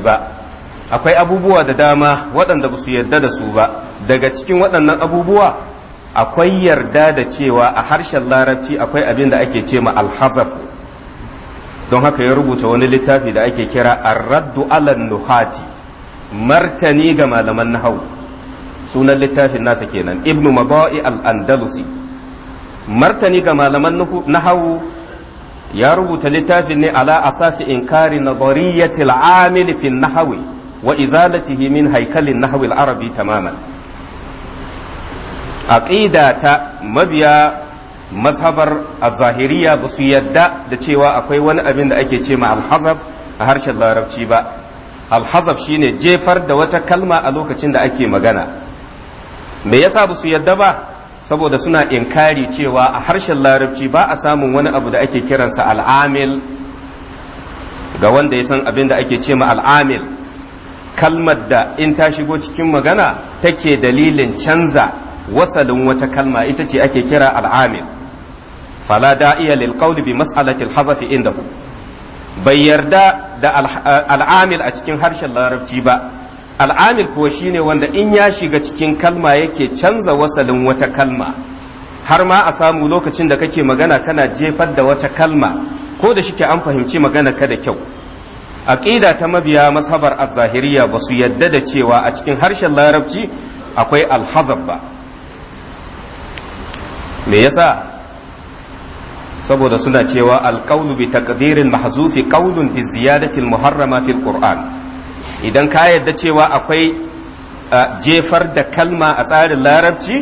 ba akwai abubuwa da dama waɗanda ba su yarda da su ba daga cikin waɗannan abubuwa akwai yarda da cewa a harshen larabci akwai abin da ake ce ma alhazaf don haka ya rubuta wani littafi da ake kira arraddu alan nuhati martani ga malaman nahau sunan littafin nasa kenan ibnu maba'i al-andalusi martani ga malaman nahau ya rubuta littafin ne ala asasi inkari nadariyatil amil fi nahwi wa izalatihi min haikalin nahwi al-arabi tamaman aqida ta mabiya mazhabar az-zahiriya ba su yadda da cewa akwai wani abin da ake ce ma al-hazaf a harshen larabci ba al-hazaf shine jefar da wata kalma a lokacin da ake magana me yasa ba su yadda ba saboda suna inkari cewa a harshen larabci ba a samun wani abu da ake kiransa al'amil ga wanda ya san abin da ake ce ma al'amil kalmar da in ta shigo cikin magana take dalilin canza wasalin wata kalma ita ce ake kira al'amil fala da'iya lil qawli bi mas'alatil hazafi indahu bai yarda da al'amil a cikin harshen larabci ba al'amil kuwa ne wanda in ya shiga cikin kalma yake canza wasalin wata kalma har ma a samu lokacin da kake magana kana jefar da wata kalma ko da shike an fahimci magana ka da kyau aqida ta mabiya mashabar az zahiriya ba su yadda da cewa a cikin harshen larabci akwai alhazab ba me yasa saboda suna cewa alqawlu bi taqdiril mahzufi qawlun bi ziyadati muharrama fil idan ka yarda cewa akwai jefar da kalma a tsarin larabci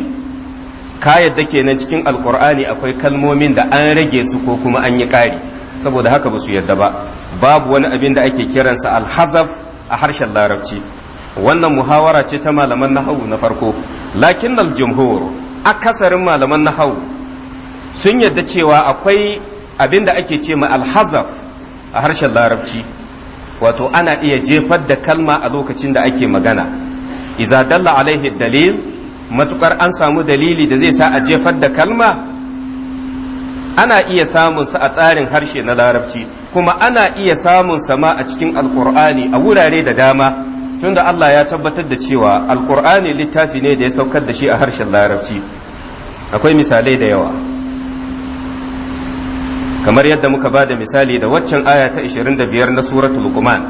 ka yarda kenan cikin alkur'ani akwai kalmomin da an rage su ko kuma an yi ƙari saboda haka ba su yarda ba babu wani abin da ake kiransa alhazaf a harshen larabci wannan muhawara ce ta malaman nahawu na farko lakin aljumhur akasarin malaman nahawu sun yarda cewa akwai abin da ake ce ma alhazaf a harshen larabci wato ana iya jefar da kalma a lokacin da ake magana iza dalla alaihi dalil matukar an samu dalili da zai sa a jefar da kalma ana iya samun sa a tsarin harshe na larabci kuma ana iya samun sama a cikin alkur'ani a wurare da dama tunda Allah ya tabbatar da cewa alƙur'ani littafi ne da ya saukar da shi a harshen larabci akwai misalai da yawa kamar yadda muka ba da misali da waccan aya ta 25 na suratul luqman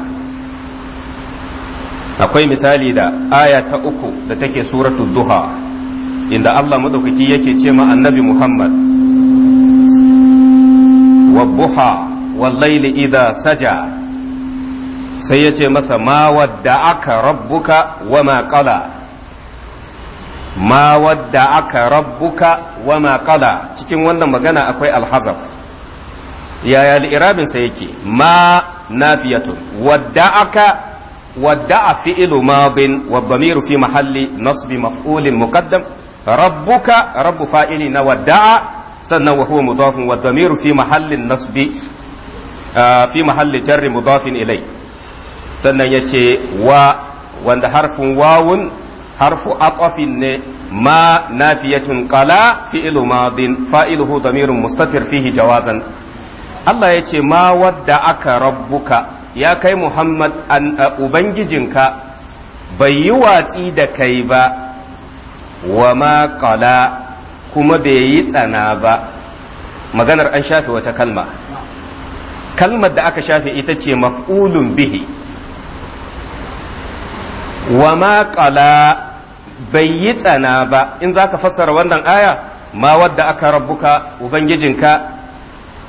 akwai misali da aya ta uku da take suratul duha inda Allah madaukaki yake ce ma annabi Muhammad wa buha wal idha saja sai ya ce masa ma wadda aka rabbuka wa ma qala ma wadda aka rabbuka wa ma qala cikin wannan magana akwai alhazaf yaya li'irabin sa yake ma nafiyatun wadda aka wadda fi'lu madin wa dhamiru fi mahalli nasbi maf'ulin muqaddam rabbuka rabbu fa'ili na wadda sannan wa huwa mudafun wa dhamiru fi mahallin nasbi fi mahalli jarri mudafin ilai sannan yace wa wanda harfin wawun harfu atafin ne ma نافية قال فعل ماض فائله ضمير مستتر فيه jawazan. Allah ya ce ma wadda aka rabbuka ya kai Muhammad an ubangijinka bai yi watsi da kai ba wa ma kuma bai yi tsana ba maganar an shafe wata kalma kalmar da aka shafe ita ce maf'ulun bihi wa ma bai yi tsana ba in za ka fassara wannan aya ma wadda aka rabbuka ubangijinka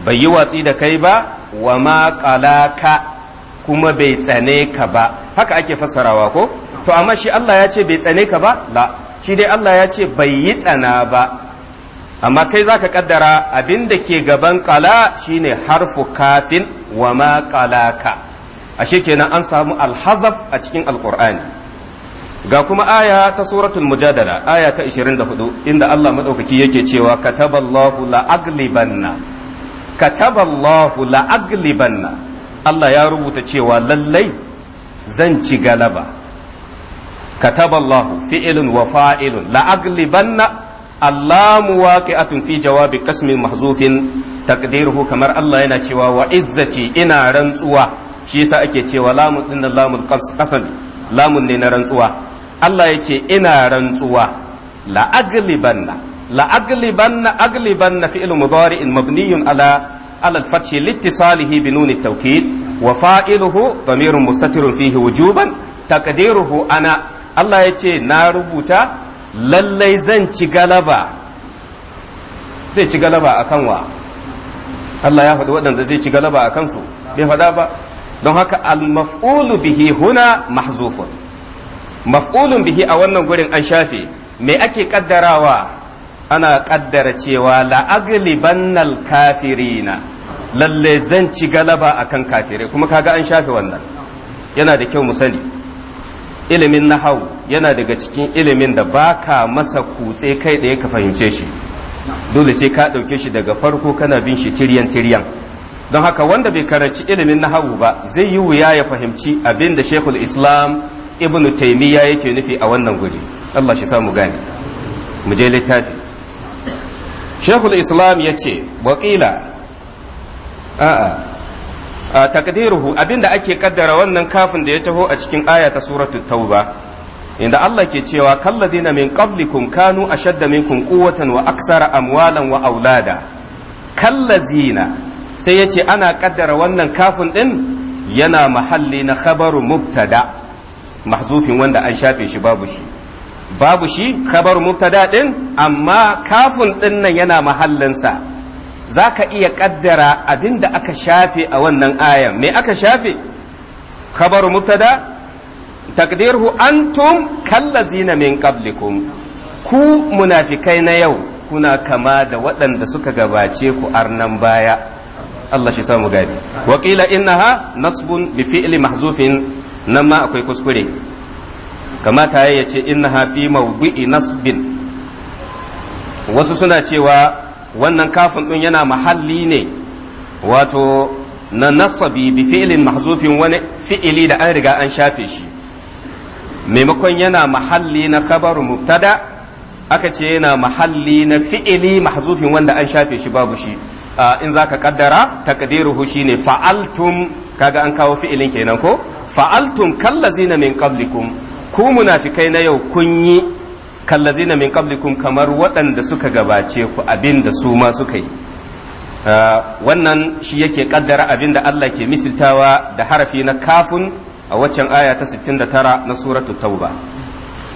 bai yi watsi da kai ba wa ma ka kuma bai tsane ka ba haka ake fassarawa ko to amma shi Allah ya ce bai tsane ka ba la shi dai Allah ya ce bai yi tsana ba amma kai zaka kaddara abinda ke gaban qala shine harfu kafin wa ma ashe kenan an samu alhazaf a cikin alqur'ani ga kuma aya ta suratul mujadala aya ta 24 inda Allah madaukaki yake cewa kataballahu la aglibanna kataballahu la'aglibanna Allah ya rubuta cewa lallai zan ci galaba kataballahu fi'ilun wa fa'ilun la'aglibanna Allah muwaqi'atun fi jawabi qasmin mahzufin takdiruhu kamar Allah yana cewa wa ina rantsuwa shi yasa ake cewa lamun din lamun qasam lamun ne na rantsuwa Allah ya ce ina rantsuwa la'aglibanna لأغلبن أغلبن فعل مضارع مبني على على الفتح لاتصاله بنون التوكيد وفائله ضمير مستتر فيه وجوبا تقديره أنا الله يتي نار للي زن غلبا zai ci galaba a kan wa Allah ya faɗi waɗanda zai ci galaba a kansu bai ba don haka al-maf'ulu bihi huna mahzufun maf'ulun bihi a wannan gurin an shafe me ake kaddarawa ana ƙaddara cewa la'aglibannal kafirina lalle zan ci galaba akan kafirai kuma kaga an shafe wannan yana da kyau mu sani ilimin nahau yana daga cikin ilimin da baka masa kutse kai ɗaya ka fahimce shi dole sai ka ɗauke shi daga farko kana bin shi tiryan tiryan don haka wanda bai karanci ilimin nahau ba zai yi wuya ya fahimci abin da shekul islam ibnu taimiyya yake nufi a wannan guri allah shi samu gane mu je littafi shekul islam ya ce wakila a'a takdiruhu abinda ake ƙaddara wannan kafin da ya taho a cikin aya ta suratu tauba inda Allah ke cewa kallazina min qablikum kanu a shaddamin quwwatan wa aksara amwalan wa aulada kallazina sai ya ce ana ƙaddara wannan kafin ɗin yana mahalli na khabaru mubtada mahzufin wanda an shafe shi babu shi babu shi khabar mubtada din amma kafin din nan yana mahallinsa za ka iya kaddara abinda aka shafe a wannan ayan me aka shafe khabar mubtada takdirhu antum kallazina min qablikum ku munafikai na yau kuna kama da waɗanda suka gabace ku arnan baya Allah shi samu gadi wakila innaha nasbun bi fi'li mahzufin nan ma akwai kuskure kamata ya ce inna hafi mawdu'i nasbin wasu suna cewa wannan kafin ɗin yana mahalli ne wato na nasabi bi fi'ilin mahzufin wani fi'ili da an riga an shafe shi maimakon yana mahalli na khabar mubtada aka ce yana mahalli na fi'ili mahzufin wanda an shafe shi babu shi in za ka kaddara takdiruhu shine fa'altum kaga an kawo fi'ilin kenan ko fa'altum kallazina min qablikum ku munafikai na yau kun yi kallazina min qablikum kamar waɗanda suka gabace ku abin da su ma suka yi ah, wannan shi yake kaddara abin da Allah ke misiltawa da harafi na kafun a waccan aya ta 69 na suratu tauba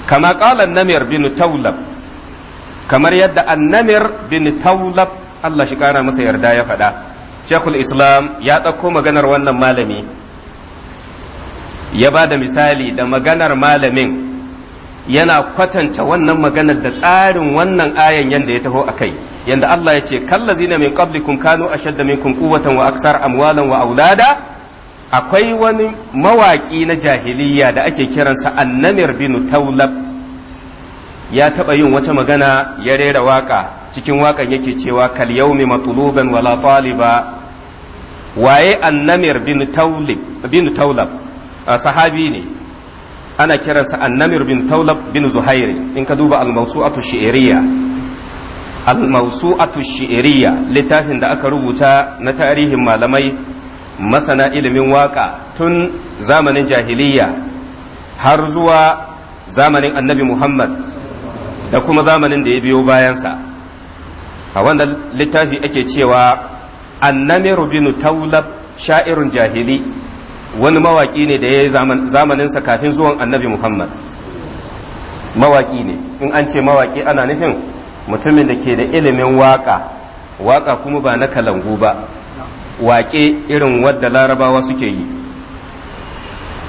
kama qala namir bin taulab kamar yadda annamir bin taulab Allah shi kara masa yarda ya faɗa shekul islam ya ɗauko maganar wannan malami ya ba da misali da maganar malamin yana kwatanta wannan maganar da tsarin wannan ayan yanda ya taho a kai yadda Allah ya ce kallazina min qablikum kanu ashadda minkum quwwatan wa aksar amwalan wa aulada akwai wani mawaki na jahiliya da ake kiransa annamir bin taulab ya taba yin wata magana ya rera waka cikin wakan yake cewa kal yaumi matluban wala taliba waye annamir bin taulab sahabi ne ana kiransa annamir bin taulab bin zuhairi in ka duba al-mawsu'atu shi'iriyya al-mawsu'atu littafin da aka rubuta na tarihin malamai masana ilimin waka tun zamanin jahiliya har zuwa zamanin annabi muhammad da kuma zamanin da ya biyo bayansa a wanda littafi ake cewa annamir bin taulab sha'irun jahili wani mawaki ne da ya yi zamaninsa kafin zuwan annabi muhammad mawaki ne in an ce mawaki ana nufin mutumin da ke da ilimin waka waka kuma ba na kalangu ba waƙe irin wadda larabawa suke yi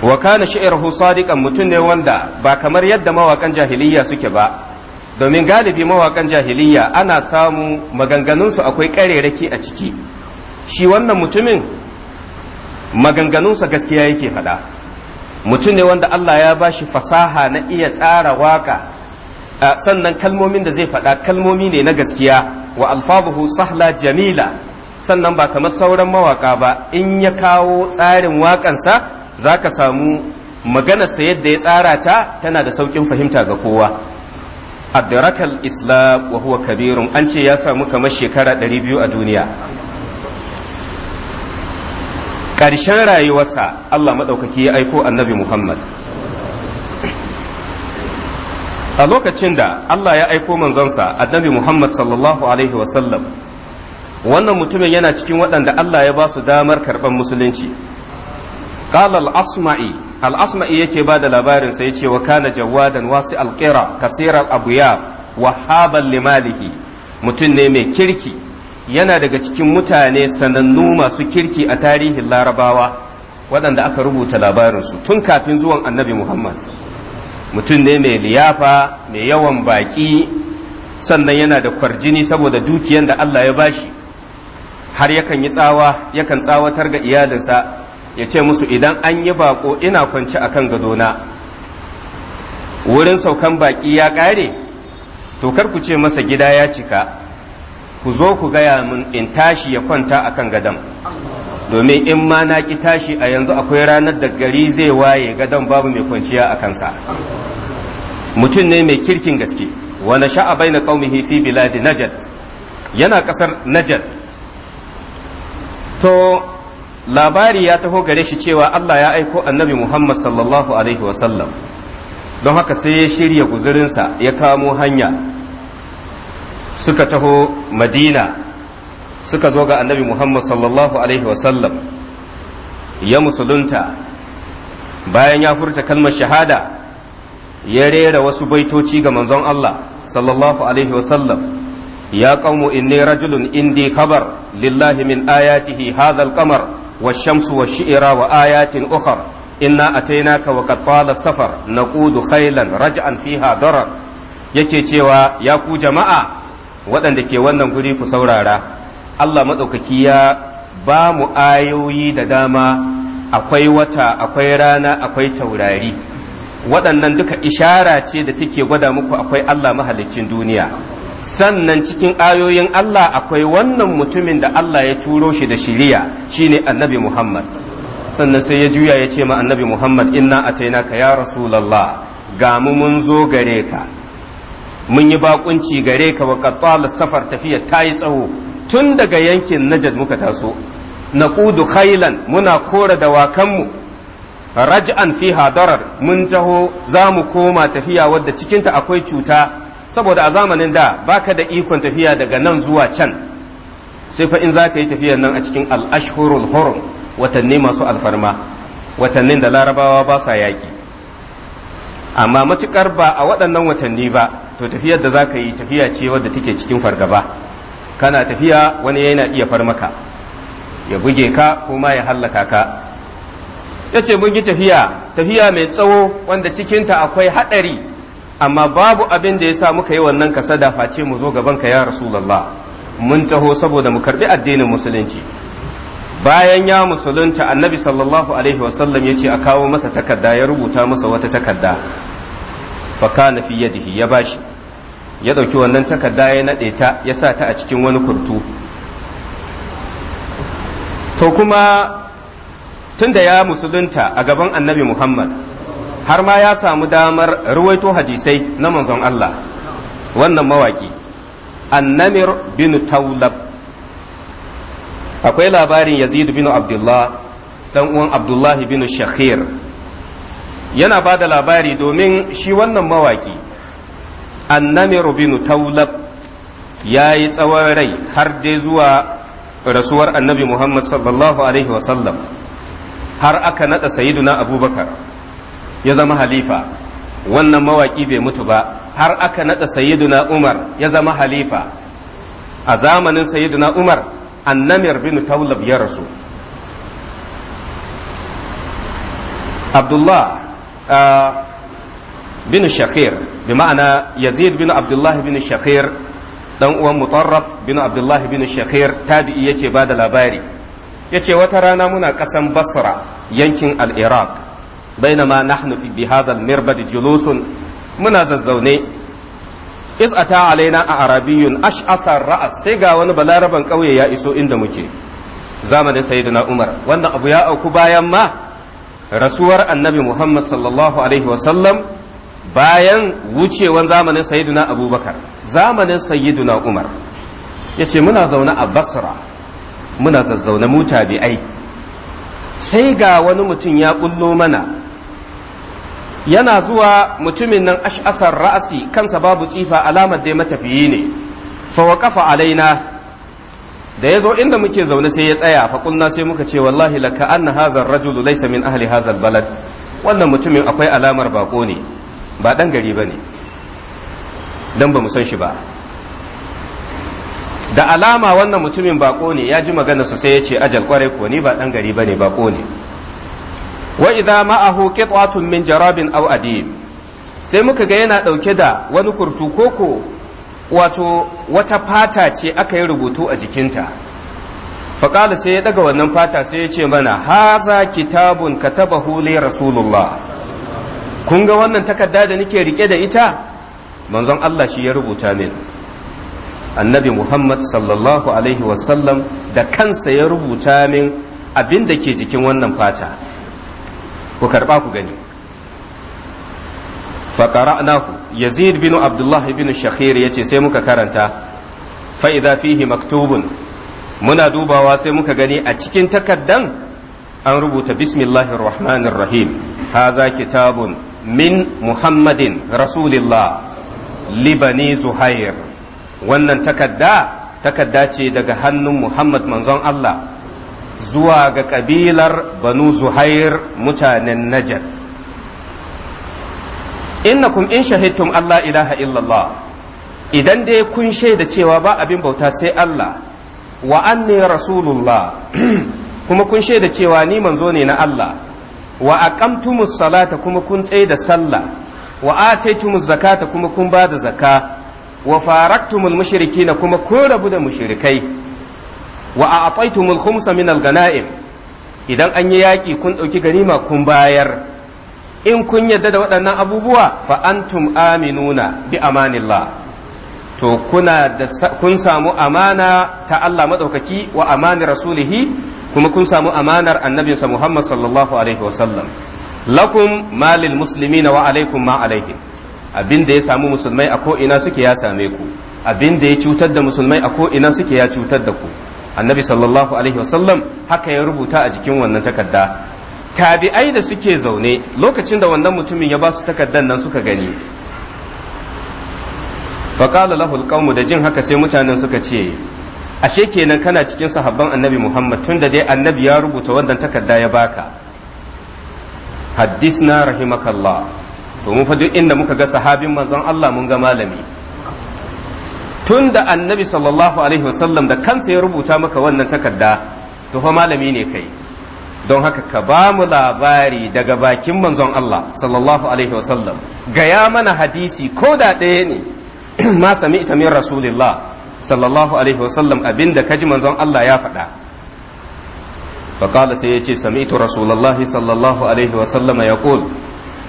wa kana shi'ruhu sadiqan mutum ne wanda ba kamar yadda mawakan jahiliya suke ba domin galibi mawakan jahiliya ana samu maganganunsu akwai ƙarerake a ciki shi wannan mutumin maganganunsa gaskiya yake faɗa mutum ne wanda Allah ya ba shi fasaha na iya tsara waka sannan kalmomin da zai faɗa kalmomi ne na gaskiya wa alfazuhu sahla jamila sannan ba kamar sauran mawaka ba in ya kawo tsarin waƙansa za ka samu maganarsa yadda ya tsara ta tana da saukin fahimta ga kowa adrakal islam wa huwa kabirun an ce ya samu kamar shekara 200 a duniya ƙarshen rayuwarsa Allah maɗaukaki ya aiko annabi Muhammad a lokacin da Allah ya aiko manzonsa annabi Muhammad sallallahu alaihi wasallam wannan mutumin yana cikin waɗanda Allah ya ba su damar karɓar musulunci qala asmai al-asma'i yake ba da labarin sai yace wa kana jawadan wasi al-qira kasira abuyaf wahaban limalihi mutum ne mai kirki yana daga cikin mutane sanannu masu kirki a tarihin larabawa waɗanda aka rubuta labarinsu tun kafin zuwan annabi muhammad mutum ne mai liyafa mai yawan baƙi sannan yana da kwarjini saboda dukiyan da allah ya bashi har yakan yi tsawa yakan tsawatar ga iyalinsa ya ce musu idan an yi baƙo ina kwance akan gadona wurin saukan baƙi ya ƙare to kar ku ce masa gida ya cika ku zo ku gaya mun in tashi ya kwanta a kan gadon domin in ma na ki tashi a yanzu akwai ranar da gari zai waye gadon babu mai kwanciya a kansa mutum ne mai kirkin gaske wani sha'a bai na ƙaumihi fi biladi najad yana ƙasar najad to labari ya taho gare shi cewa allah ya aiko annabi muhammad sallallahu alaihi wasallam don haka sai ya shirya guzurinsa ya kamo hanya suka taho madina suka zo ga annabi muhammad sallallahu alaihi wasallam ya musulunta bayan ya furta kalmar shahada ya rera wasu baitoci ga manzon Allah sallallahu alaihi wasallam ya qaumu inni rajulun indi kabar lillahi min ayatihi hadha al-qamar wa والشئر وآيات أخر إنا أتيناك وقد طال السفر نقود خيلا رجعا فيها ضرر yake cewa ya ku jama'a waɗanda ke wannan guri ku saurara Allah maɗaukaki ya ba mu ayoyi da dama akwai wata akwai rana akwai taurari waɗannan duka ishara ce da take gwada muku akwai Allah mahalicin duniya sannan cikin ayoyin Allah akwai wannan mutumin da Allah ya turo shi da shiriya shine annabi Muhammad sannan sai ya juya ya ce ma annabi Muhammad inna atainaka ya rasulallah ga mu mun zo gare ka mun yi bakunci gare ka wa qatal safar tafiya ta yi tsawo tun daga yankin najad muka taso na kudu khailan muna kora dawakanmu raj'an fi hadarar mun taho za mu koma tafiya wadda cikinta akwai cuta saboda a zamanin da baka da ikon tafiya daga nan zuwa can sai fa in za ka yi tafiyar nan a cikin al-ashhurul watanni masu alfarma watannin da larabawa ba sa yaƙi amma matukar ba a waɗannan watanni ba to tafiyar da za ka yi tafiya ce wadda take cikin fargaba kana tafiya wani yana iya farmaka ya buge ka ko ma ya hallaka ka ya ce mun yi tafiya tafiya mai tsawo wanda cikinta akwai haɗari amma babu abin da ya sa muka yi wannan kasada face mu zo gaban ka ya rasulullah mun taho saboda mu karɓi addinin musulunci bayan ya musulunta annabi sallallahu alaihi wasallam ya ce a kawo masa takarda ya rubuta masa wata takarda faka na fi yadihi ya bashi ya ɗauki wannan takarda ya naɗe ta ya sa ta a cikin wani kurtu to kuma tunda ya musulunta a gaban annabi muhammad har ma ya samu damar ruwaito hadisai na manzon allah wannan mawaƙi annamir bin taulab akwai labarin yazid bin abdullah dan uwan abdullahi bin shakir yana ba da labari domin shi wannan mawaki annamir bin taulab ya yi tsawon rai har dai zuwa rasuwar annabi muhammad sallallahu alaihi wasallam har aka naɗa sayiduna abubakar ya zama halifa wannan mawaki bai mutu ba har aka naɗa sayiduna umar ya zama halifa a zamanin sayiduna umar annamir bin taulab ya rasu abdullah uh, bin shakir bi ma'ana yazid bin abdullah bin shakir dan uwan mutarraf bin abdullah bin shakir tabi'i yake ba da labari yace wata rana muna ƙasan basra yankin al baina ma nahnu fi bihadal mirbad julusun muna zazzaune is ta alaina a arabiyun asar ra'as sai ga wani balaraban ƙauye ya iso inda muke zamanin sayyidina umar wannan abu ya auku bayan ma rasuwar annabi muhammad sallallahu alaihi wasallam bayan wucewan zamanin sayyidina abubakar zamanin sayyidina umar ya ce muna zaune a basra muna zazzaune mutabi'ai sai ga wani mutum ya kullo mana yana zuwa mutumin nan ash'asar ra'asi kansa babu tsifa alamar dai matafiyi ne fa waqafa alaina da ya zo inda muke zaune sai ya tsaya fa kulna sai muka ce wallahi laka anna hadha ar-rajul laysa min ahli hadha balad wannan mutumin akwai alamar bako ne ba dan gari bane dan ba mu san shi ba da alama wannan mutumin bako ne ya ji magana su sai ya ce ajal kwarai ko ni ba dan gari bane bako ne wa idza ma'ahu qit'atun min jarabin aw sai muka ga yana ɗauke da wani kurtu koko wato wata fata ce aka yi rubutu a jikinta faƙala sai ya daga wannan fata sai ya ce mana haza kitabun katabahu li rasulullah kun ga wannan takarda da nake rike da ita manzon Allah shi ya rubuta min annabi Muhammad sallallahu alaihi wasallam da kansa ya rubuta min abin da ke jikin wannan fata ku karba ku gani faqara'nahu yazid bin abdullah bin shakhir yace sai muka karanta fa idza fihi maktubun muna dubawa sai muka gani a cikin takaddan an rubuta bismillahir rahmanir rahim haza kitabun min muhammadin rasulillah libani zuhair wannan takadda takadda ce daga hannun muhammad manzon allah zuwa ga ƙabilar banu zuhair mutanen najat innakum in shahidtum Allah ilaha illallah idan dai kun shaida cewa ba abin bauta sai Allah wa anni rasulullah kuma kun shaida cewa ni manzo ne na Allah wa aqamtumus salata kuma kun tsaye da sallah wa ataytumuz zakata kuma kun ba da zakka wa faraktumul mushrikina kuma kun rabu da mushrikai wa a'taytumul khumsa min al-ghanaim idan an yi yaƙi kun ɗauki ganima kun bayar in kun yadda da waɗannan abubuwa fa antum aminuna bi amanillah to kun samu amana ta Allah maɗaukaki wa amanar rasulihi kuma kun samu amanar annabinsa Muhammad sallallahu alaihi wasallam lakum abin da ya samu musulmai a ko ina suke ya same ku abin da ya cutar da musulmai a ko ina suke ya cutar da ku annabi sallallahu alaihi wasallam haka ya rubuta a jikin wannan takarda tabi'ai da suke zaune lokacin da wannan mutumin ya ba su takardar nan suka gani faƙala lahu qaumu da jin haka sai mutanen suka ce ashe kenan kana cikin sahabban annabi muhammad tun da dai annabi ya rubuta wannan takarda ya baka haddisna rahimakallah domin fa duk inda muka ga sahabin manzon allah mun ga malami tun da annabi sallallahu alaihi wasallam da kansa ya rubuta maka wannan takarda tuho malami ne kai don haka ka ba mu labari daga bakin manzon Allah sallallahu alaihi wasallam gaya mana hadisi ko da ɗaya ne ma sami ita min rasulillah sallallahu alaihi wasallam abinda kaji manzon Allah ya faɗa sai فقال سيأتي سمعت رسول الله صلى الله ya وسلم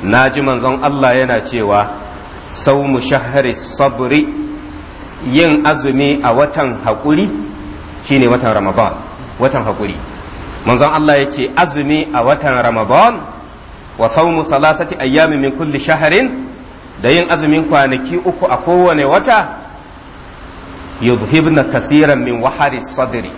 na ji manzon Allah yana cewa sau mu شهر الصبر yin azumi a watan haƙuri shine watan ramadan watan haƙuri manzon Allah ya ce azumi a watan ramadan wa saumu salasati ayyami min kulli shaharin da yin azumin kwanaki uku a kowane wata na kasiran min wahari sadri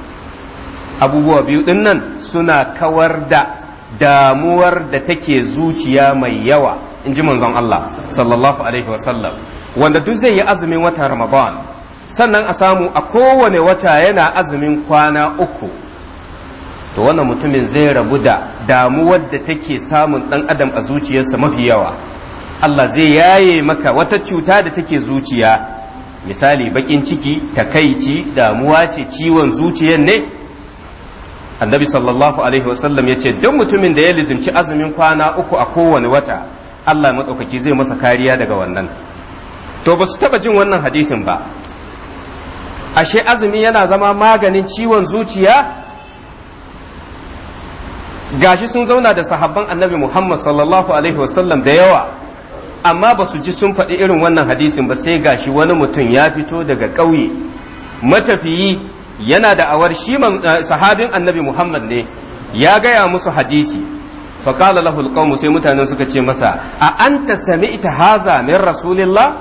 abubuwa biyu din nan suna kawar da damuwar da take zuciya mai yawa in ji manzon Allah sallallahu alaihi wasallam wanda duk zai yi azumin wata ramadan sannan a samu a kowane wata yana azumin kwana uku to wannan mutumin zai rabu da damuwar da take samun ɗan adam a zuciyarsa mafi yawa Allah zai yaye maka wata cuta da take zuciya misali bakin ciki takaici damuwa ce ciwon zuciyar ne annabi sallallahu alaihi wasallam ya ce duk mutumin da ya lizimci azumin kwana uku a kowane wata Allah maɗaukaki zai masa kariya daga wannan to ba su taba jin wannan hadisin ba ashe azumi yana zama maganin ciwon zuciya gashi sun zauna da sahabban annabi muhammad sallallahu alaihi wasallam da yawa amma ba su ji sun faɗi irin wannan hadisin ba sai gashi wani mutum ya fito daga ƙauye matafiyi yana da awar shi eh, sahabin annabi muhammad ne ya gaya musu hadisi faƙala lahul qawmu sai mutanen suka ce masa a anta sami haza min rasulillah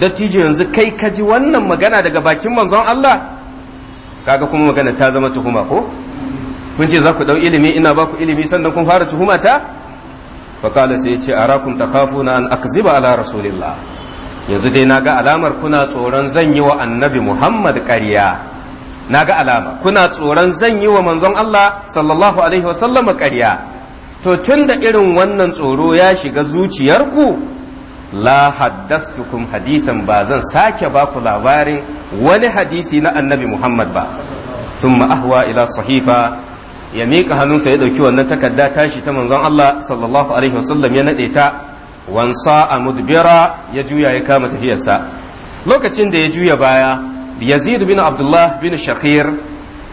dattijo yanzu kai ka ji wannan magana daga bakin manzon Allah kaga kuma magana ta zama tuhuma ko kun ce za ku dau ilimi ina ba ku ilimi sannan kun fara tuhuma ta fa kala sai ce arakum takhafuna an akziba ala rasulillah yanzu dai naga alamar kuna tsoron zan yi wa annabi Muhammad ƙarya naga alama kuna tsoron zan yi wa manzon Allah sallallahu alaihi wa sallama ƙarya to tunda irin wannan tsoro ya shiga zuciyarku la haddastukum hadisan ba zan sake baku labarin wani hadisi na annabi Muhammad ba thumma ahwa ila sahifa ya miƙa hannunsa ya ɗauki wannan takarda tashi ta manzon Allah sallallahu alaihi wasallam ya naɗe ta wansa a mudbira ya juya ya kama tafiyarsa lokacin da ya juya baya Yazidu bin Abdullah bin Shakhir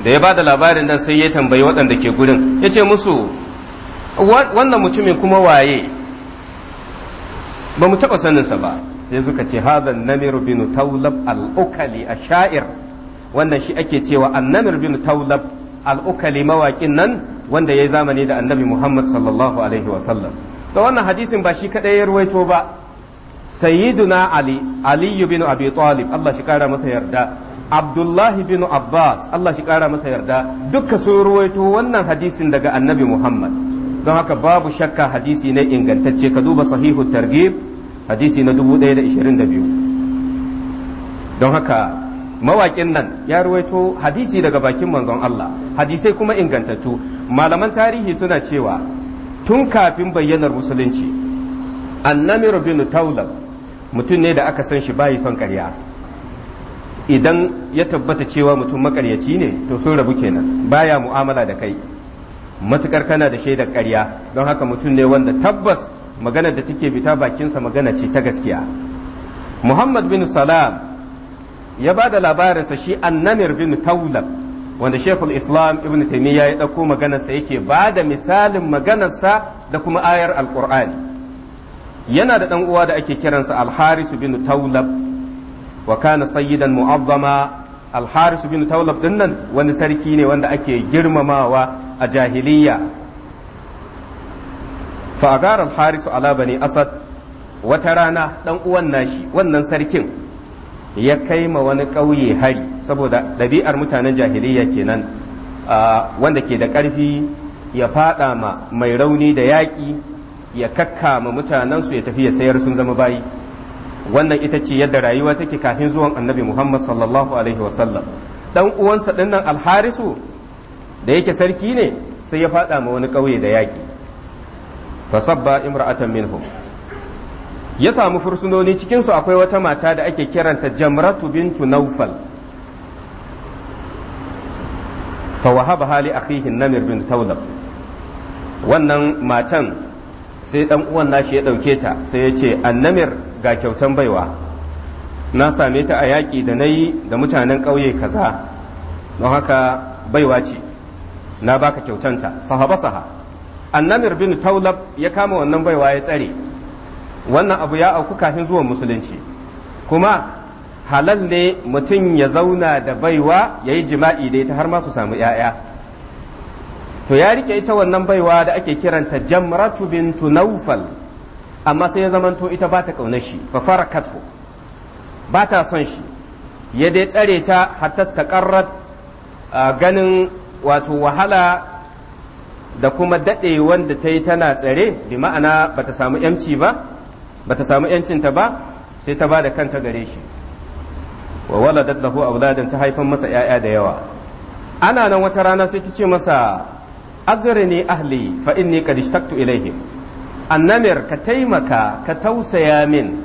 da ya ba da labarin nan sai ya tambayi waɗanda ke gurin ya ce musu wannan mutumin kuma waye ba mu taɓa saninsa ba sai suka ce hadhan namir bin taulab al-ukali a sha'ir wannan shi ake cewa annamir bin taulab al-ukali mawaƙin nan wanda yayi zamani da annabi muhammad sallallahu alaihi wa sallam. da wannan hadisin ba shi kadai ya ruwaito ba sayyiduna ali aliyu bin abi talib allah shi kara masa yarda abdullahi bin abbas allah shi kara masa yarda duka sun ruwaito wannan hadisin daga annabi muhammad don haka babu shakka hadisi ne ingantacce ka duba sahihu targhib hadisi na 1122 don haka mawaƙin nan ya ruwaito hadisi daga bakin manzon Allah hadisai kuma ingantattu malaman tarihi suna cewa tun kafin bayyanar musulunci annamir bin taulab mutum ne da aka san shi bayi son karya. idan ya tabbata cewa mutum makaryaci ne to sun rabu kenan baya mu'amala da kai matukar kana da shaidar ƙarya don haka mutum ne wanda tabbas maganar da take fita bakinsa magana ce ta gaskiya muhammad bin salam ya ba da labarinsa shi annamir bin taulab wanda shekul islam ibn taimiyya ya ɗauko maganarsa yake ba da misalin maganarsa da kuma ayar alƙur'ani yana da ɗan uwa da ake kiransa alharisu bin taulab wa kana sayyidan mu'azzama alharisu bin taulab dinnan wani sarki ne wanda ake girmamawa a jahiliya fa agar al-harisu ala asad wata rana dan uwan nashi wannan sarkin ya kai ma wani ƙauye hari saboda ɗabi'ar mutanen jahiliya kenan wanda ke da ƙarfi ya faɗa ma mai rauni da yaƙi ya kakka ma mutanensu ya tafi ya sayar sun zama bayi wannan ita ce yadda rayuwa take kafin zuwan annabi muhammad sallallahu alaihi wasallam dan uwansa dinnan alharisu da yake sarki ne sai ya faɗa ma wani ƙauye da yaƙi fasabba imra'atan minhum ya samu fursunoni cikin su akwai wata mata da ake kiranta jamratu bintu naufal wahaba hali akhihi namir bin taulab wannan matan sai dan uwan nashi ya ɗauke ta sai ya ce annamir ga kyautan baiwa na same ta a yaƙi da na yi da mutanen ƙauye kaza don haka baiwa ce na baka kyautanta fa habasaha annamir bin taulab ya kama wannan baiwa ya tsare wannan abu ya auku kafin zuwan musulunci kuma halal ne mutum ya zauna da baiwa ya yi jima'i da ita har ma su samu ‘ya'ya. To ya rike ita wannan baiwa da ake kiranta jamratu bintu naufal amma sai ya zamanto ita ba ta ƙaunar shi fa fara katfo ba ta son shi ya dai tsare ta hatta ta ganin wato wahala da kuma daɗe wanda ta yi tana tsare bi ma'ana ba ta samu ‘yanci ba ba ta samu ‘yancinta ba sai ta ba da kanta gare shi wa waladat lahu auladan ta haifan masa ‘ya'ya da yawa ana nan wata rana sai ta ce masa azrini ahli fa inni qad ishtaktu ilaihim annamir ka taimaka ka tausaya min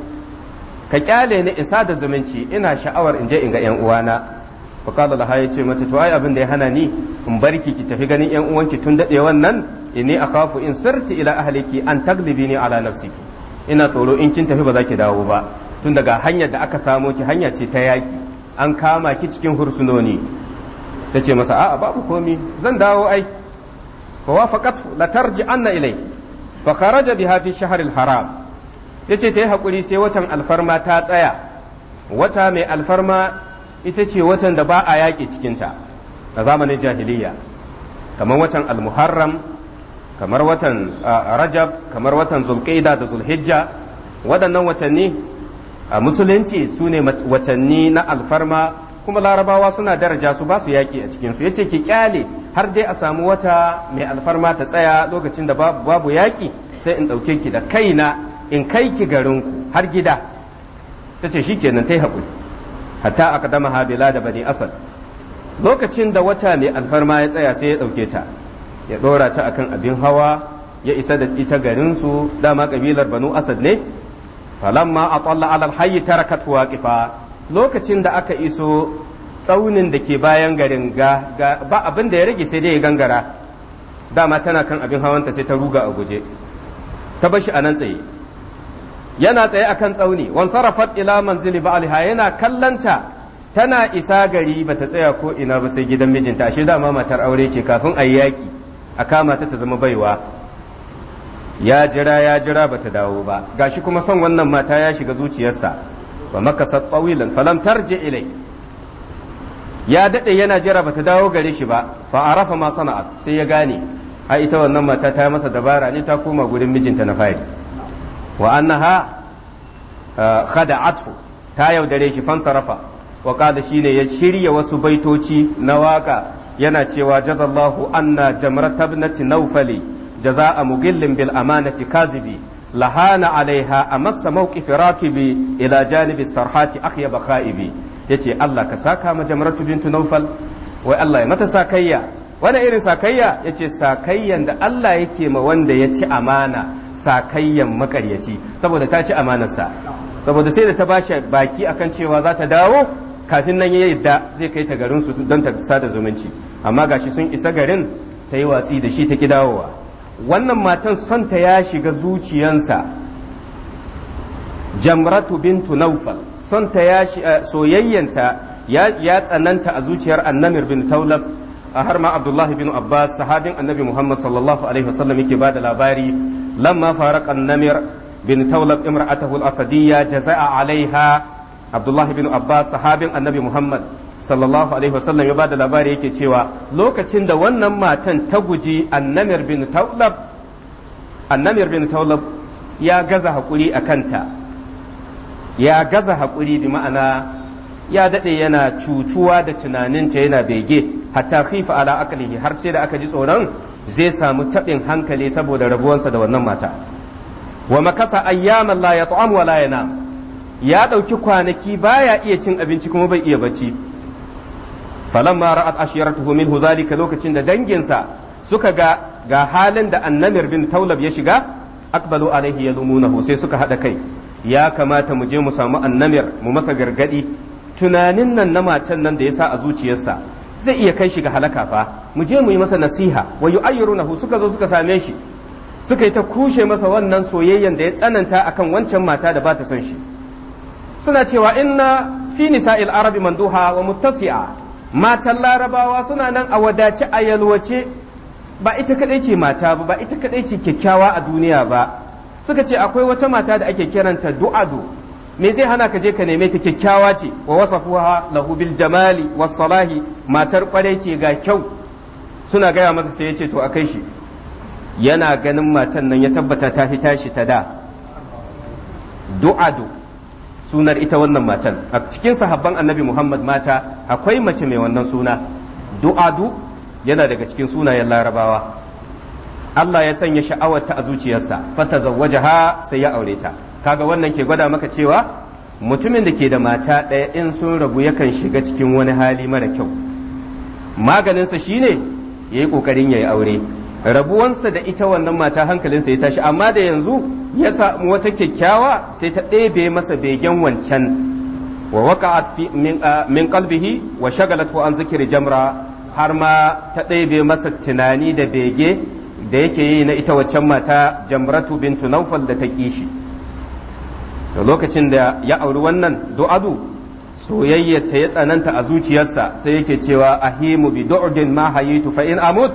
ka kyale ni isa da zumunci ina sha'awar in je in ga ‘yan uwana faqala laha yace mata to ai abin da ya hana ni in barki ki tafi ganin yan uwanki tun daɗe wannan inni kafu in sarti ila ahali ki an taglibini ala nafsiki ina tsoro in kin tafi ba za ki dawo ba tun daga hanyar da aka samo ki hanya ce ta yaki an kama ki cikin hursunoni ce masa a'a babu komi zan dawo ai fa wafaqat la tarji anna ilai fa kharaja biha fi shahril haram yace ta yi hakuri sai watan alfarma ta tsaya wata mai alfarma ita ce watan da ba a yaƙi cikinta a zamanin jahiliya kamar watan almuharram kamar watan rajab kamar watan zulqaida da zulhijja waɗannan watanni a musulunci su ne watanni na alfarma kuma larabawa suna daraja su ba su yaƙi a cikinsu ya ce ki ƙyale har dai a samu wata mai alfarma ta tsaya lokacin da babu yaƙi sai in ɗauke ki da kaina in kai ki garinku har gida ta ce shi kenan ta yi haƙuri hatta dama bila da bani asad lokacin da wata mai alfarma ya tsaya sai ya ɗauke ta ya ɗora ta akan abin hawa ya isa da ita garinsu dama kabilar banu asad ne falamma a tsalla alal hayyi tarakat waqifa lokacin da aka iso tsaunin da ke bayan garin ga, ba abin da ya rage sai dai ya gangara dama tana kan abin hawanta sai ta ruga a guje ta bashi a nan tsaye yana tsaye a kan tsauni wan sarafat ila manzili ba'alha yana kallanta tana isa gari bata tsaya ko ina ba sai gidan mijinta ashe dama matar aure ce kafin a yi yaki a kama ta ta zama baiwa ya jira ya jira bata dawo ba gashi kuma son wannan mata ya shiga zuciyarsa ba maka tawilan falam je ilai ya daɗe yana jira bata dawo gare shi ba fa arafa ma sai ya gane a ita wannan mata ta yi masa dabara ne ta koma gurin mijinta na fari wa annaha uh, khada'athu ta yaudare shi fansarafa wa qala shine ya shirya wasu baitoci na waka yana cewa jazallahu anna jamrata ibnati nawfali a mugillin bil amanati kazibi lahana alaiha amassa mawqifi rakibi ila janibi sarhati akhya bakhaibi yace Allah ka saka ma jamratu bintu nawfal wai Allah ya mata sakayya wani irin sakayya yace sakayyan da Allah yake ma wanda ya ci amana sakayyan makaryaci saboda ta ci amanarsa saboda sai da ta bashi baki akan cewa za ta dawo kafin nan ya yadda zai kai ta garin su don ta sada zumunci amma gashi sun isa garin ta yi watsi da shi ta ki dawowa wannan matan son ta ya shiga zuciyansa jamratu bintu naufal son ta ya eh, soyayyanta ya tsananta a zuciyar annamir bin taulab a har ma Abdullah bin Abbas sahabin Annabi Muhammad sallallahu alaihi wasallam yake bada labari lamma faraqa Namir bin Tawlab imra'atahu al-Asadiyya jaza'a alaiha Abdullahi bin Abbas sahabin Annabi Muhammad sallallahu alaihi wasallam ya da labari yake cewa lokacin da wannan matan ta guji annamir bin taulab annamir bin taulab ya gaza hakuri a kanta ya gaza hakuri bi ma'ana ya daɗe yana cutuwa da tunaninta yana bege hatta khifa ala akalihi har sai da aka ji tsoron zai samu taɓin hankali saboda rabuwansa da wannan mata wa makasa ayyaman la ya wa la yanam ya ɗauki kwanaki baya iya cin abinci kuma bai iya bacci falamma ra'at ashiratuhu minhu zalika lokacin da danginsa suka ga ga halin da annamir bin taulab ya shiga akbalu alaihi yalumunahu sai suka hada kai ya kamata mu je mu samu annamir mu masa gargadi tunanin nan na matan nan da ya sa a zuciyarsa zai iya kai shi ga halaka fa mu je mu yi masa nasiha wa yu'ayyirunahu suka zo suka same shi suka yi ta kushe masa wannan soyayyen da ya tsananta akan wancan mata da ba ta son shi suna cewa inna fi nisa'il arabi manduha wa muttasi'a matan larabawa suna nan a wadace a yalwace ba ita kadai ce mata ba ba ita kadai ce kyakkyawa a duniya ba suka ce akwai wata mata da ake kiranta du'adu me zai hana ka je ka neme ta kyakkyawa ce wa wasafuha lahu bil jamali was salahi matar kwarai ce ga kyau suna gaya masa sai ya ce to akai shi yana ganin matan nan ya tabbata ta fi tashi ta da du'adu sunar ita wannan matan a cikin sahabban annabi Muhammad mata akwai mace mai wannan suna du'adu yana daga cikin sunayen larabawa Allah ya sanya sha'awarta a zuciyarsa fata zawwajaha sai ya aure ta kaga wannan ke gwada maka cewa mutumin da ke da mata ɗaya in sun rabu yakan shiga cikin wani hali mara kyau maganinsa shine ya yi ƙoƙarin ya yi aure rabuwansa da ita wannan mata hankalinsa ya tashi amma da yanzu ya samu wata kyakkyawa sai ta ɗebe masa begen wancan wa a min kalbihi ah, wa shagalat an zikiri jamra har ma ta ɗebe masa tunani da bege da yake yi na ita waccan mata jamratu bintu naufal da ta kishi da lokacin da ya auri wannan du'adu ta ya tsananta a zuciyarsa sai yake cewa ahimu bi du'din ma hayitu fa in amut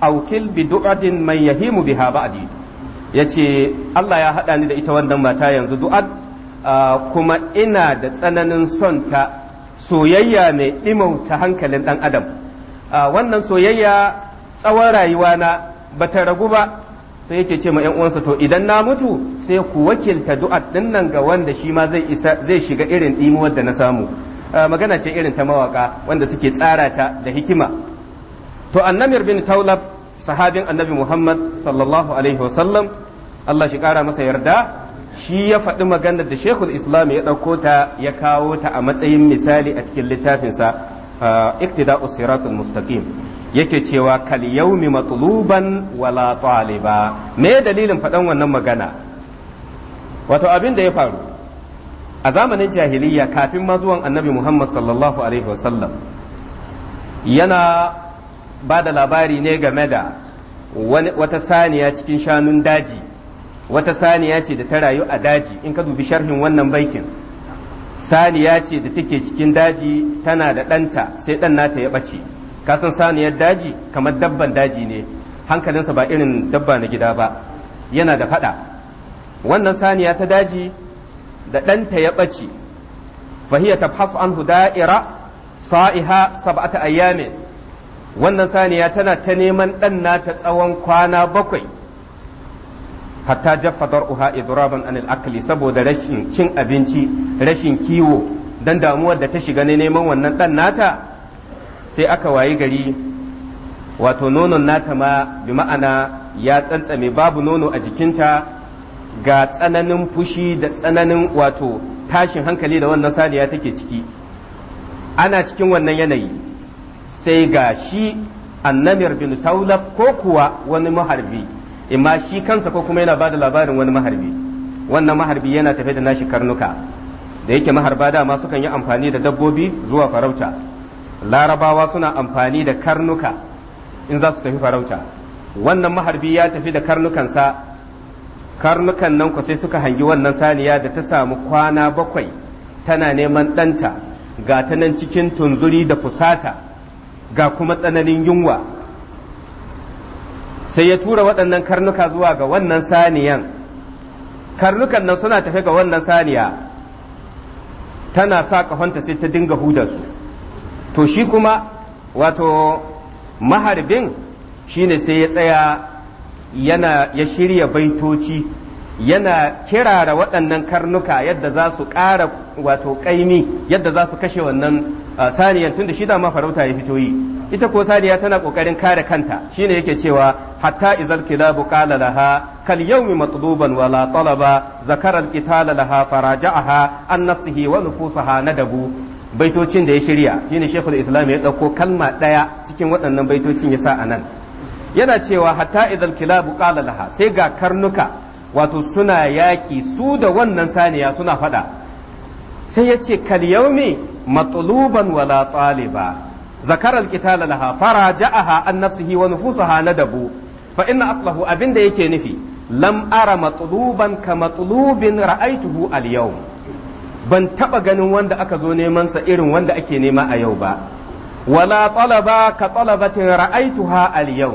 aw kil bi du'din man yahimu biha ba'di yace Allah ya hada ni da ita wannan mata yanzu du'ad kuma ina da tsananin son ta soyayya mai dimauta hankalin dan adam wannan soyayya tsawon rayuwana bata ragu ba sai yake ce ma yan uwansa to idan na mutu sai ku wakilta du'a din nan ga wanda shi ma zai isa zai shiga irin dimuwar da na samu ah, magana ce irin ta mawaka wanda suke tsara ta da hikima to annamir bin taulab sahabin annabi muhammad sallallahu alaihi wasallam Allah shi kara masa yarda shi ya faɗi magana da shekul islam ya ɗauko ta ya kawo ta a matsayin misali a cikin littafinsa ah, iktida'us usiratul mustaqim yake cewa kal yaumi matluban wala taliba me dalilin faɗan wannan magana wato abin da ya faru a zamanin jahiliya kafin ma zuwan annabi Muhammad sallallahu alaihi wasallam yana ba da labari ne game da wata saniya cikin shanun daji wata saniya ce da ta rayu a daji in ka dubi sharhin wannan baitin saniya ce da take cikin daji tana da ɗanta sai ɗan nata ya ɓace Ka san saniyar daji kamar dabban daji ne hankalinsa ba irin dabba na gida ba yana da fada wannan saniya ta daji da ɗanta ya ɓace fahiya an anhu da'ira sa'iha sab'ata ayyami wannan saniya tana ta neman ɗan nata tsawon kwana bakwai hatta jaffa dar'uha idraban anil akli saboda rashin cin abinci rashin kiwo don damuwar da ta shiga ne neman wannan ɗan nata sai aka wayi gari wato nonon nata ma bi ma'ana ya tsantsame babu nono a jikinta ga tsananin fushi da tsananin wato tashin hankali da wannan saniya take ciki ana cikin wannan yanayi sai ga shi annamir bin taulab ko kuwa wani maharbi imma shi kansa ko kuma yana ba da labarin wani maharbi wannan maharbi yana tafe da nashi karnuka da yake maharba dama sukan yi amfani da dabbobi zuwa farauta larabawa suna amfani da karnuka in za su tafi farauta wannan maharbi ya tafi da karnukansa karnukan nan ku sai suka hangi wannan saniya da ta samu kwana bakwai tana neman ɗanta ga ta nan cikin tunzuri da fusata ga kuma tsananin yunwa sai ya tura waɗannan karnuka zuwa ga wannan saniyan karnukan nan suna tafi ga wannan saniya tana sa ƙahonta sai ta dinga hudarsu. su to shi kuma wato maharbin ne sai ya tsaya yana ya shirya baitoci yana kirara waɗannan karnuka yadda za su ƙara wato ƙaimi yadda za su kashe wannan saniyan tunda shi dama farauta ya fito yi ita ko saniya tana ƙoƙarin kare kanta shine yake cewa hatta izal kilabu qala laha kal yawmi matluban wala talaba zakara al qitala laha faraja'aha an nafsihi wa nufusaha nadabu baitocin da ya shirya shine shekul islam ya ɗauko kalma ɗaya cikin waɗannan baitocin ya sa a nan yana cewa hatta idan kilabu qala laha sai ga karnuka wato suna yaƙi su da wannan saniya suna faɗa sai ya ce kal yaumi matluban wala taliba zakara alqitala laha faraja'aha an nafsihi wa nufusaha nadabu fa inna aslahu abinda yake nufi lam ara matluban ka matulubin ra'aituhu al yawm ban taɓa ganin wanda aka zo neman sa irin wanda ake nema a yau ba wala talaba ka talabatin ra'aituha al yau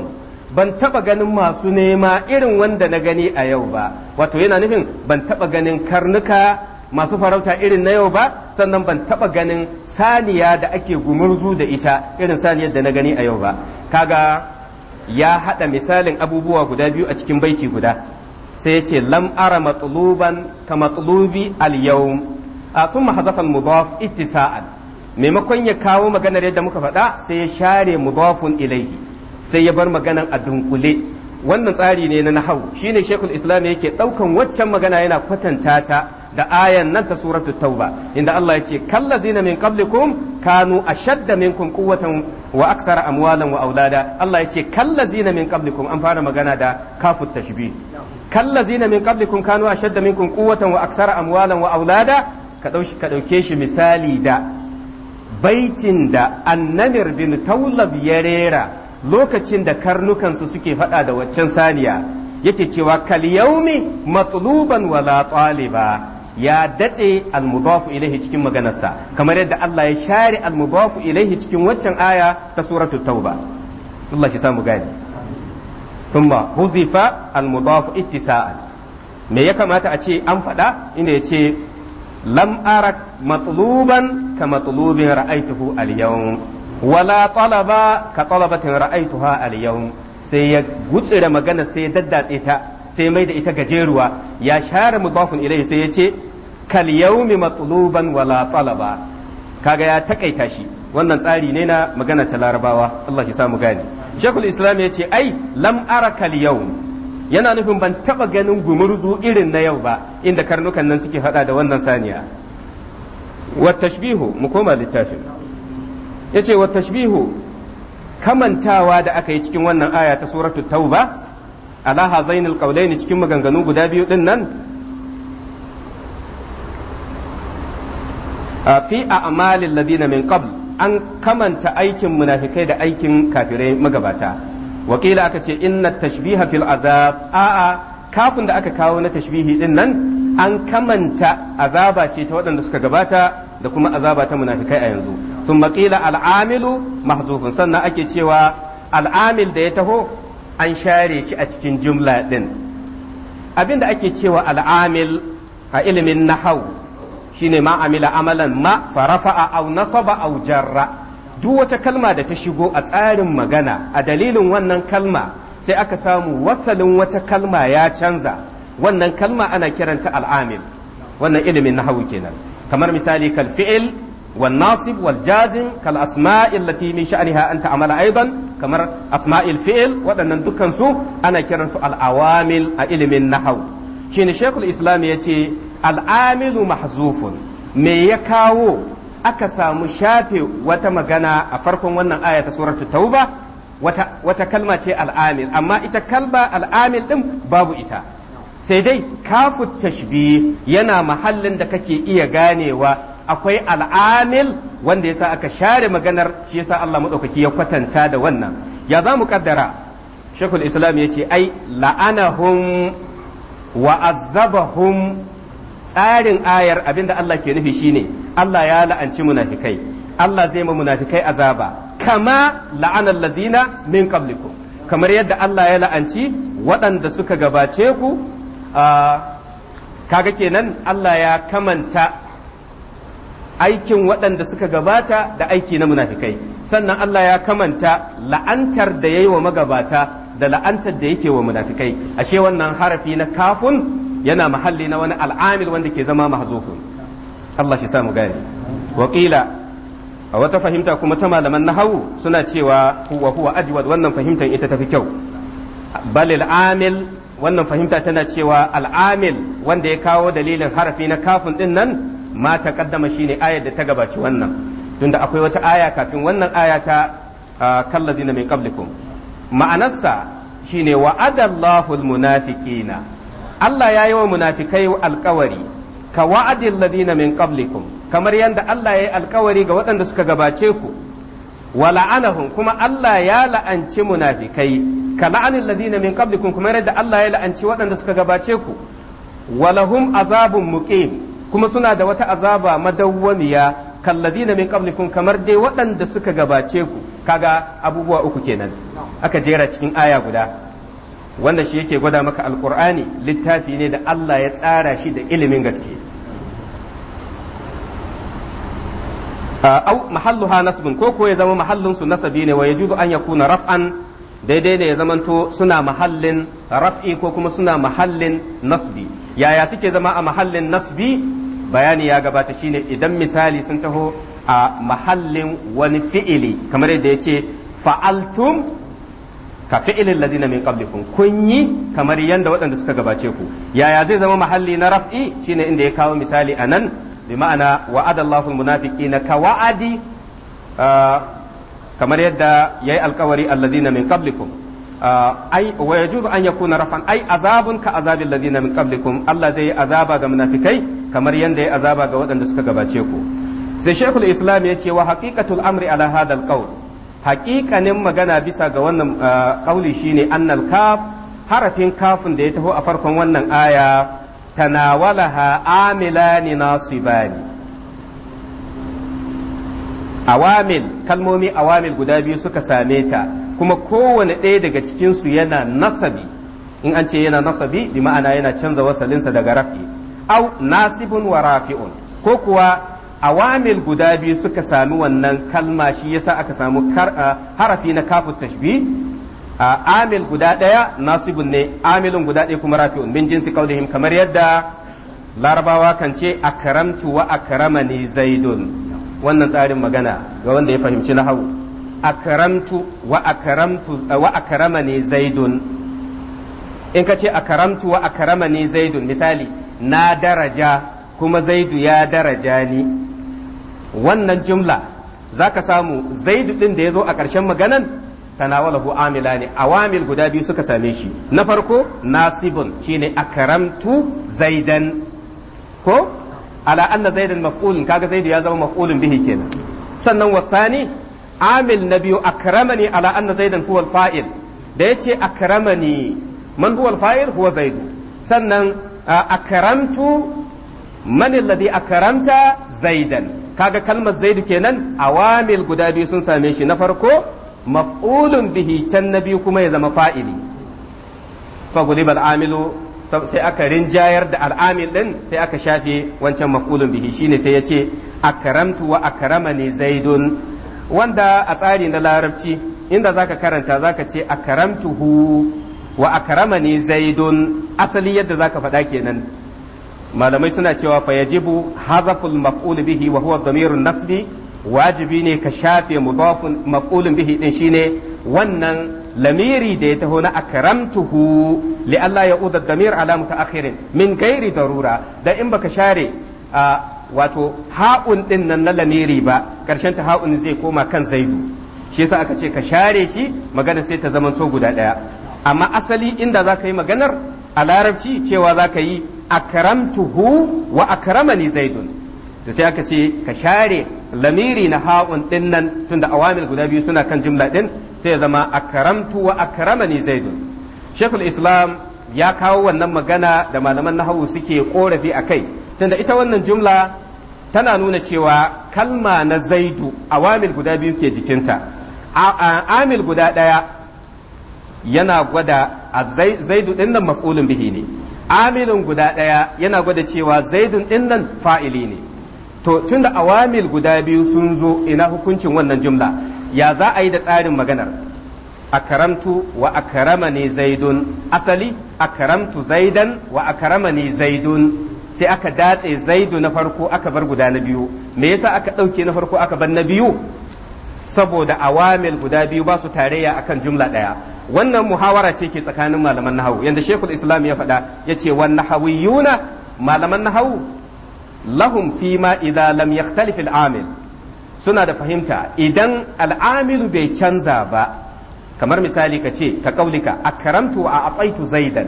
ban taɓa ganin masu nema irin wanda na gani a yau ba wato yana nufin ban taɓa ganin karnuka masu farauta irin na yau ba sannan ban taba ganin saniya da ake gumurzu da ita irin saniyar da na gani a yau ba kaga ya hada misalin abubuwa guda biyu a cikin baiti guda sai ya ce lam ara ka matsalubi al yawm a sun mahazafan mudaf ittisa'an maimakon ya kawo maganar yadda muka faɗa sai ya share mudafun ilaihi sai ya bar maganar a dunkule wannan tsari ne na nahawu shine shekul islam yake ɗaukan waccan magana yana kwatanta ta da ayan nan ta suratu tauba inda Allah kalla zina min qablikum kanu ashadda minkum quwwatan wa aksara amwalan wa aulada Allah yace zina min qablikum an fara magana da kafut tashbih zina min qablikum kanu ashadda minkum quwwatan wa aksara amwalan wa aulada ka ɗauke shi misali da baitin da annamir bin taulab ya rera lokacin da karnukansu suke faɗa da waccan saniya yake cewa kal yaumi matluban wala taliba ya datse almudafu ilaihi cikin maganarsa kamar yadda Allah ya share almudafu ilaihi cikin waccan aya ta suratul tauba Allah shi samu gani thumma huzifa almudafu ittisa'an me ya kamata a ce an faɗa inda ya ce lam arak matluban ka matlubin ra'aituhu al-yawm wala talaba ka talabatin ra'aituha al-yawm sai ya gutsira magana sai ya daddatse ta sai mai da ita gajeruwa ya share mudafun ilayhi sai ya ce kal yawmi wala talaba kaga ya takaita shi wannan tsari ne na magana ta larabawa Allah ya samu gani shekul islam ya ce ai lam arakal yawm yana nufin ban taba ganin gumurzu irin na yau ba inda karnukan nan suke faɗa da wannan saniya wa tashbihu mu koma littafin yace wa tashbihu kamantawa da aka yi cikin wannan aya ta suratu tauba ala hazainil qawlaini cikin maganganu guda biyu din nan fi a'malil ladina min qabl an kamanta aikin munafikai da aikin kafirai magabata wakila aka ce inna tashbiha fil azab a'a kafin da aka kawo na tashbihi din an kamanta azaba ce ta waɗanda suka gabata da kuma azaba ta munafikai a yanzu sun maƙila al'amilu mahzufun sannan ake cewa al'amil da ya taho an share shi a cikin jimla ɗin. abin da ake cewa al'amil a ilimin nahau shine ma amila amalan ma farafa'a au nasaba au jarra duk wata kalma da ta shigo a tsarin magana a dalilin wannan kalma sai aka samu wasalin wata kalma ya canza wannan kalma ana kiranta al'amil wannan ilimin nahawu kenan kamar misali kal fi'il wal nasib wal jazim kal asma'i allati min sha'niha an ta'mala aidan kamar asma'il fi'il waɗannan dukkan su ana kiransu al'awamil a ilimin nahawu shine shekul islam ya ce al'amilu mahzufun me ya kawo aka samu shafe wata magana a farkon wannan aya ta suratul tauba wata wata kalma ce al'amil amma ita kalba al'amil din babu ita sai dai kafu tashbih yana mahallin da kake iya ganewa akwai al'amil wanda yasa aka share maganar shi yasa Allah madaukaki ya kwatanta da wannan ya za mu kaddara shekul islam ya ce ai la'anahum wa hum. tsarin ayar abinda Allah ke nufi shine Allah ya la'anci munafikai Allah zai ma munafikai azaba kama la'anar lazina min qablikum kamar yadda Allah ya la'anci waɗanda suka gabace ku kaga kenan Allah ya kamanta aikin waɗanda suka gabata da aiki na munafikai sannan Allah ya kamanta la'antar da yayi wa magabata da la'antar da yake wa munafikai ashe wannan harafi na kafun yana mahalli na wani al'amil wanda ke zama mahzufun Allah shi samu gani wakila a wata fahimta kuma ta malaman nahawu suna cewa huwa huwa ajwad wannan fahimtar ita tafi kyau balil amil wannan fahimta tana cewa al'amil wanda ya kawo dalilin harafi na kafin din nan ma ta kaddama shine ayar da ta gabaci wannan tunda akwai wata aya kafin wannan aya ta kallazina min qablikum ma'anarsa shine wa'adallahu almunafiqina Allah ya yi wa munafikai alkawari ka wa'adin ladina min qablikum kamar yadda Allah ya yi alkawari ga waɗanda suka gabace ku wa la'anahum kuma Allah ya la'anci munafikai ka la'anin ladina min qablikum kuma yadda Allah ya la'anci waɗanda suka gabace ku wa lahum azabun muqim kuma suna da wata azaba madawwamiya ladina min qablikum kamar dai waɗanda suka gabace ku kaga abubuwa uku kenan aka jera cikin aya guda wanda shi yake gwada maka alkur'ani littafi ne da Allah ya tsara shi da ilimin gaske au mahalluha nasbun ko ko ya zama mahallin su nasabi ne wa yajuzu an yakuna raf'an daidai ne ya zamanto suna mahallin raf'i ko kuma suna mahallin nasbi yaya suke zama a mahallin nasbi bayani ya gabata shine idan misali sun taho a mahallin wani fi'ili kamar yadda ya ce fa'altum ka ilin ladina min qablikum kun yi kamar yanda waɗanda suka gabace ku yaya zai zama mahalli na raf'i shine inda ya kawo misali anan bi ma'ana wa'adallahu almunafiqina ka wa'adi ah, kamar yadda yayi alkawari alladina min qablikum ah, ai wa yajuzu an yakuna rafan ai azabun ka azabil ladina min qablikum Allah zai azaba ga munafikai kamar yanda ya azaba ga waɗanda suka gabace ku sai shaykhul islam ce wa haqiqatul amri ala hadal qawl haƙiƙanin magana bisa ga wannan ƙauli uh, shine annal kaf harafin kafin da ya taho a farkon wannan aya tanawalaha amilani nasibani awamil kalmomi awamil guda biyu suka same ta kuma kowane ɗaya daga cikinsu yana nasabi in an ce yana nasabi bi ma'ana yana canza wasalinsa daga rafi au nasibun wa rafi'un ko kuwa awamil guda biyu suka sami wannan kalma shi yasa aka samu harafi na kafu A amil guda ɗaya nasibun ne amilun guda ɗaya kuma rafi'un min jinsi qaulihim kamar yadda larabawa kan ce akramtu wa akramani zaidun wannan tsarin magana ga wanda ya fahimci na A akramtu wa akramtu wa akramani zaidun in ka ce akramtu wa akramani zaidun misali na daraja kuma zaidu ya daraja ni wannan jumla ka samu zaidu din da ya zo a ƙarshen maganan tanawalahu amila ne awamil guda biyu suka same shi na farko nasibun shine akramtu zaidan ko ala anna zaidan maf'ulun kaga zaidu ya zama maf'ulun bihi kenan sannan wasani amil na biyu akramani ala anna zaidan huwa fa'il da yace akramani man huwa fa'il huwa zaidu sannan akramtu man alladhi akramta zaidan kaga kalmar zaidu kenan awamil guda biyu sun same shi na farko maf'ulun bihi can na biyu kuma ya zama fa'ili fa gulibal al'amilu sai aka rinjayar da al'amil din sai aka shafe wancan maf'ulun bihi shine sai yace ce akramtu wa akramani zaidun wanda a tsari na larabci inda zaka karanta zaka ce akramtuhu wa akramani zaidun asali yadda zaka faɗa kenan malamai suna cewa fa yajibu hazaful maf'ul bihi wa huwa dhamirun nasbi wajibi ne ka shafe mudafun maf'ulun bihi din shine wannan lamiri da ya taho na akramtuhu li Allah ya uda damir ala mutaakhirin min gairi darura da in baka share wato ha'un din nan na lamiri ba karshen ta ha'un zai koma kan zaidu shi yasa aka ce ka share shi magana sai ta zamanto guda daya amma asali inda za ka yi maganar a larabci cewa za ka yi akramtuhu wa akramani zaidun da sai aka ce ka share lamiri na ha'un din nan tunda awamil guda biyu suna kan jumla din sai ya zama akramtu wa akramani zaidun shekul islam ya kawo wannan magana da malaman nahawu suke korafi a kai tunda ita wannan jumla tana nuna cewa kalma na zaidu awamil guda biyu ke jikinta amil guda ɗaya yana gwada a zaidu ɗin nan bihi ne amilin guda ɗaya yana gwada cewa zaidun ɗin nan fa'ili ne to tun da awamil guda biyu sun zo ina hukuncin wannan jumla ya za a yi da tsarin maganar A karamtu wa a karama ne zaidun asali a akaramtu zaidan wa a karama ne zaidun sai aka datse zaidu na farko aka bar guda na biyu me yasa aka ɗauke na farko aka bar na biyu saboda awamil guda biyu ba su tarayya akan jumla ɗaya wannan muhawara ce ke tsakanin malaman nahawu yanda shekul islam ya faɗa ya ce wa nahawiyuna malaman nahawu lahum fi ma idza lam yakhtalif al-amil suna da fahimta idan al'amilu bai canza ba kamar misali ka ce ka kaulika akramtu a ataitu zaidan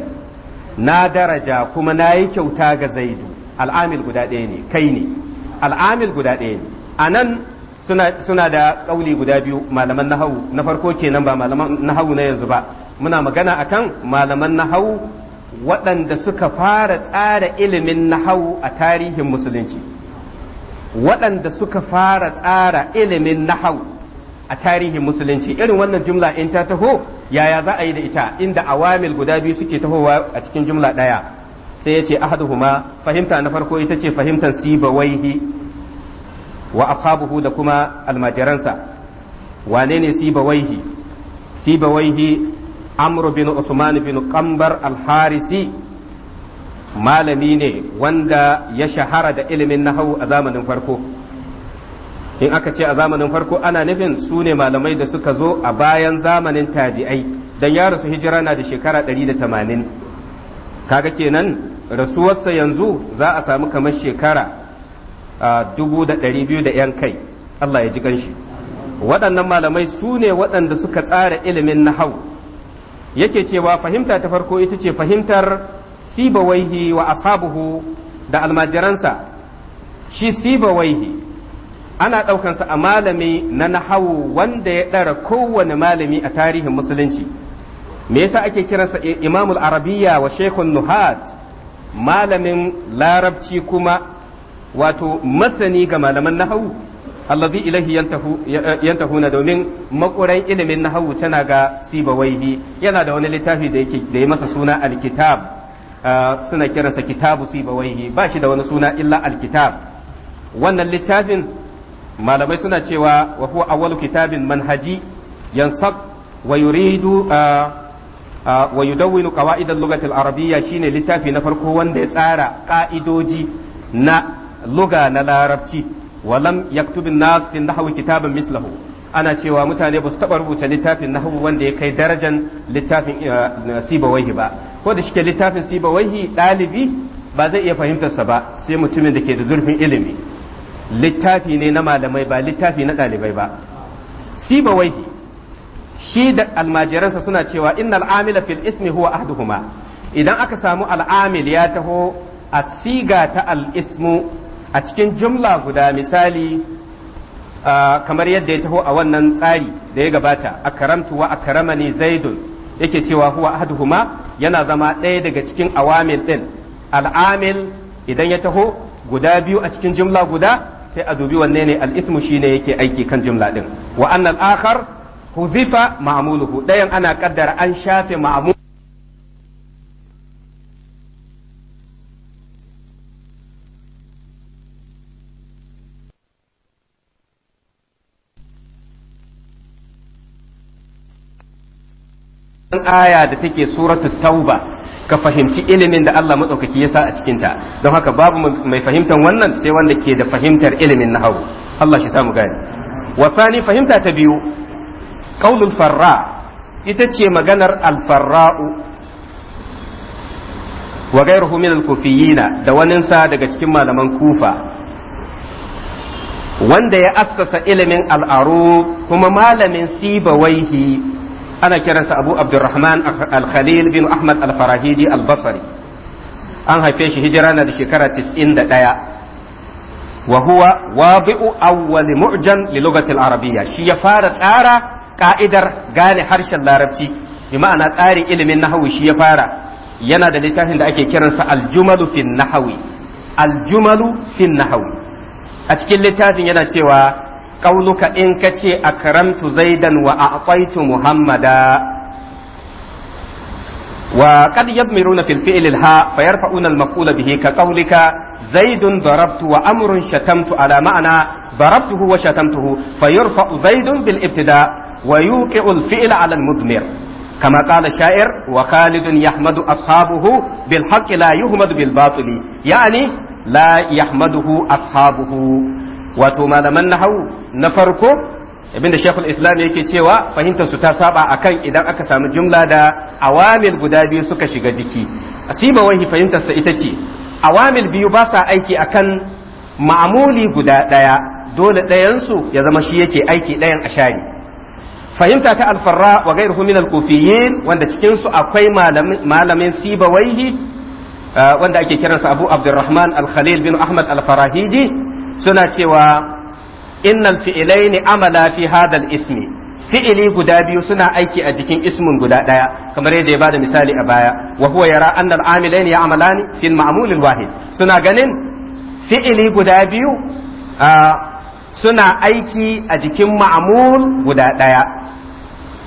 na daraja kuma na yi kyauta ga zaidu al'amil guda ɗaya ne kai ne al'amil guda ɗaya ne a nan suna da kauli guda biyu malaman nahawu na farko kenan ba malaman nahawu na yanzu ba muna magana a kan malaman nahawu waɗanda suka fara tsara ilimin nahawu a tarihin musulunci waɗanda suka fara tsara ilimin nahawu a tarihin musulunci irin wannan jumla in ta taho yaya za a yi da ita inda awamil guda biyu suke tahowa a cikin jumla ɗaya sai ya ce ahaduhuma fahimta na farko ita ce fahimtar sibawaihi wa ashabuhu da kuma almajiransa wane ne sibawaihi sibawaihi amru bin usman bin qambar al-harisi malami ne wanda ya shahara da ilimin nahawu a zamanin farko in aka ce a zamanin farko ana nufin su ne malamai da suka zo a bayan zamanin tabi'ai don ya rasu hijira na da shekara 180 kaga kenan rasuwarsa yanzu za a samu kamar shekara dubu da ɗari biyu da ‘yan kai Allah ya ji ganshi waɗannan malamai su ne waɗanda suka tsara ilimin nahau yake cewa fahimta ta farko ita ce fahimtar sibawaihi wa ashabuhu da almajiransa shi waihi ana ɗaukansa a malami na nahawu wanda ya ɗara kowane malami a tarihin musulunci me yasa ake kiransa imamul arabiya wa shekun nuhat malamin larabci kuma wato masani ga malaman nahawu allazi ilahi eh, yantahuna domin makuran ilimin nahawu tana ga sibawaihi yana da wani littafi da yake da ya masa suna alkitab eh, suna kiransa kitabu sibawaihi ba shi da wani suna illa alkitab wannan littafin malamai suna cewa wa huwa awwalu kitabin manhaji yansab wa yuridu eh, wa yudawwinu qawaid al-lughati al-arabiyya shine littafi na farko wanda ya tsara ka'idoji na luga na larabci walam yaktubin nas fi nahwi kitaban mislahu ana cewa mutane ba su taɓa rubuta littafin nahwu wanda ya kai darajan littafin eh, sibawaihi ba ko da shike littafin sibawaihi ɗalibi ba zai iya fahimtarsa ba sai mutumin da ke da zurfin ilimi littafi ne na malamai ba littafi na ɗalibai ba sibawaihi shi da almajiransa suna cewa innal amila fil ismi huwa ahduhuma idan aka samu al'amil ya taho a siga ta al'ismu a cikin jumla guda misali kamar yadda ya taho a wannan tsari da ya gabata akaramtu wa ne zaidun yake cewa huwa ahaduhuma yana zama ɗaya daga cikin awamil ɗin al'amil idan ya taho guda biyu a cikin jumla guda sai a dubi wanne ne al'ismu shine yake aiki kan jumla ɗin wa annal akhar huzifa ma'amuluhu ɗayan ana kaddara an shafe ma'amul aya da take suratu tauba ka fahimci ilimin da Allah maɗaukaki ya sa a cikinta don haka babu mai fahimtar wannan sai wanda ke da fahimtar ilimin nahawu Allah shi samu gani wa fahimta ta biyu qaulul farra ita ce maganar alfarra'u wa gairuhu min al-kufiyina da waninsa daga cikin malaman kufa wanda ya assasa ilimin al'aru kuma malamin sibawaihi ana kiransa abu abdurrahman al-khalil bin ahmad al-farahidi al-basri an haife shi hijira na da shekara 91 wa huwa wadi'u awwal mu'jam li lughati al-arabiyya shi ya fara tsara ka'idar gane harshen larabci bi ma'ana tsarin ilimin nahawi shi ya fara yana da littafin da ake kiransa al-jumalu fi nahawi al-jumalu fi nahawi a cikin littafin yana cewa qauluka in kace akramtu zaidan wa a'taitu muhammada وقد يضمرون في الفعل الهاء فيرفعون المفعول به كقولك زيد ضربت وأمر شتمت على معنى ضربته وشتمته فيرفع زيد بالابتداء ويوقع الفعل على المضمر كما قال الشاعر وخالد يحمد أصحابه بالحق لا يهمد بالباطل يعني لا يحمده أصحابه وتما لمن نحو na farko abinda shekul islam yake cewa fahimtar su ta saba akan idan aka samu jumla da awamil guda biyu suka shiga jiki asiba wahi fahimtarsa ita ce awamil biyu ba sa aiki akan ma'amuli guda ɗaya dole ɗayansu ya zama shi yake aiki ɗayan a shari fahimta ta alfarra wa gairuhu min al-kufiyin wanda cikin su akwai malamin sibawaihi eh, wanda ake kiransa abu abdurrahman al-khalil bin ahmad al-farahidi suna cewa innal fi'ilaini amala fi hadal ismi fi'ili guda biyu suna aiki a jikin ismin guda daya kamar yadda ya bada misali a baya wa huwa yara annal amilaini ya'malani fil ma'mulil wahid suna ganin fi'ili guda biyu suna aiki a jikin ma'amul guda daya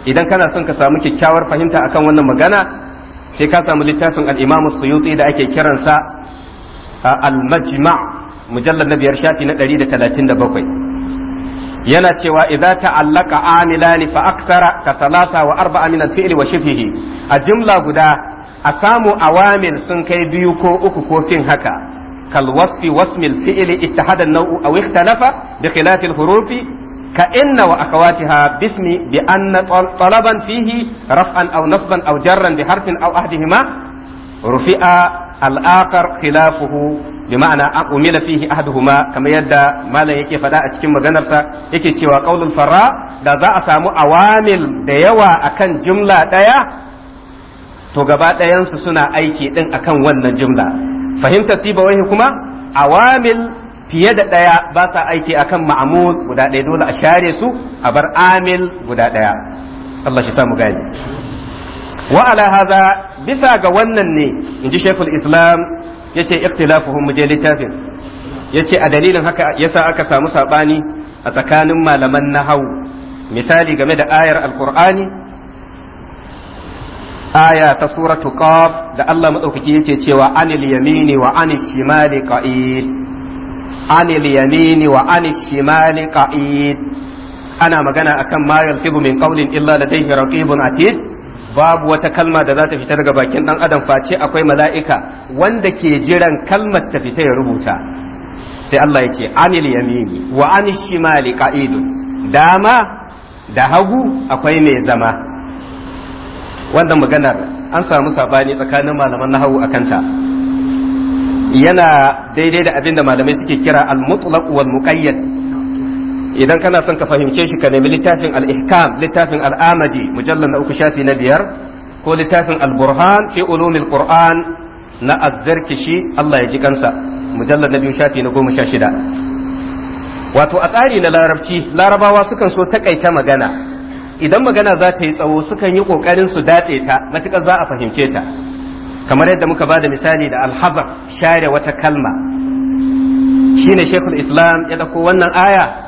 idan kana son ka samu kyakkyawar fahimta akan wannan magana sai ka samu littafin al-Imam da ake kiransa al-Majma' mujallad na biyar shafi na ɗari talatin bakwai. yana cewa idza ta'allaqa amilani fa aksara ka salasa wa arba'a min al-fi'li wa shibhihi a jumla guda a samu awamil sun kai biyu ko uku ko fin haka kal wasfi wasmil fi'li ittahada an-naw'u aw ikhtalafa bi khilaf al-hurufi ka inna wa akhawatiha bismi bi anna talaban fihi raf'an aw nasban aw jarran bi harfin aw ahdihima rufi'a al-akhar khilafuhu bi ma'ana umila fihi huma kamar yadda malam yake faɗa a cikin maganarsa yake cewa qaulul farra da za a samu awamil da yawa akan jimla ɗaya to gaba ɗayansu suna aiki ɗin akan wannan jumla fahimtar sibawaihi kuma awamil fiye da ɗaya ba sa aiki akan ma'amul guda ɗaya dole a share su a bar amil guda ɗaya Allah shi samu gani wa haza bisa ga wannan ne in ji shekul islam yace ikhtilafuhum muje littafin yace a dalilin haka yasa aka samu saɓani a tsakanin malaman nahawu misali game da ayar alkur'ani aya ta suratu qaf da Allah maɗaukaki yake cewa anil yamini wa anil shimali qa'id anil yamini wa anil shimali qa'id ana magana akan ma yalfibu min qawlin illa ladayhi raqibun atid babu wata kalma da za ta fita daga bakin ɗan adam face akwai mala'ika wanda ke jiran kalmar ta fita ya rubuta sai Allah ya ce anil yamini wa anil shimali qa'idun dama da hagu akwai mai zama wanda maganar an samu sabani tsakanin malaman na nahawu akanta yana daidai da abin da malamai suke kira al-mutlaq wal muqayyad idan kana son ka fahimce shi ka nemi littafin al-ihkam littafin al-amadi mujallal na uku shafi na biyar ko littafin al-burhan fi ulumil qur'an na azzarkishi Allah ya ji kansa mujallal na biyu shafi na goma sha shida wato a tsari na larabci larabawa sukan so takaita magana idan magana za ta yi tsawo sukan yi kokarin su datse ta matukar za a fahimce ta kamar yadda muka bada misali da alhazaf share wata kalma shine shekul islam ya dauko wannan aya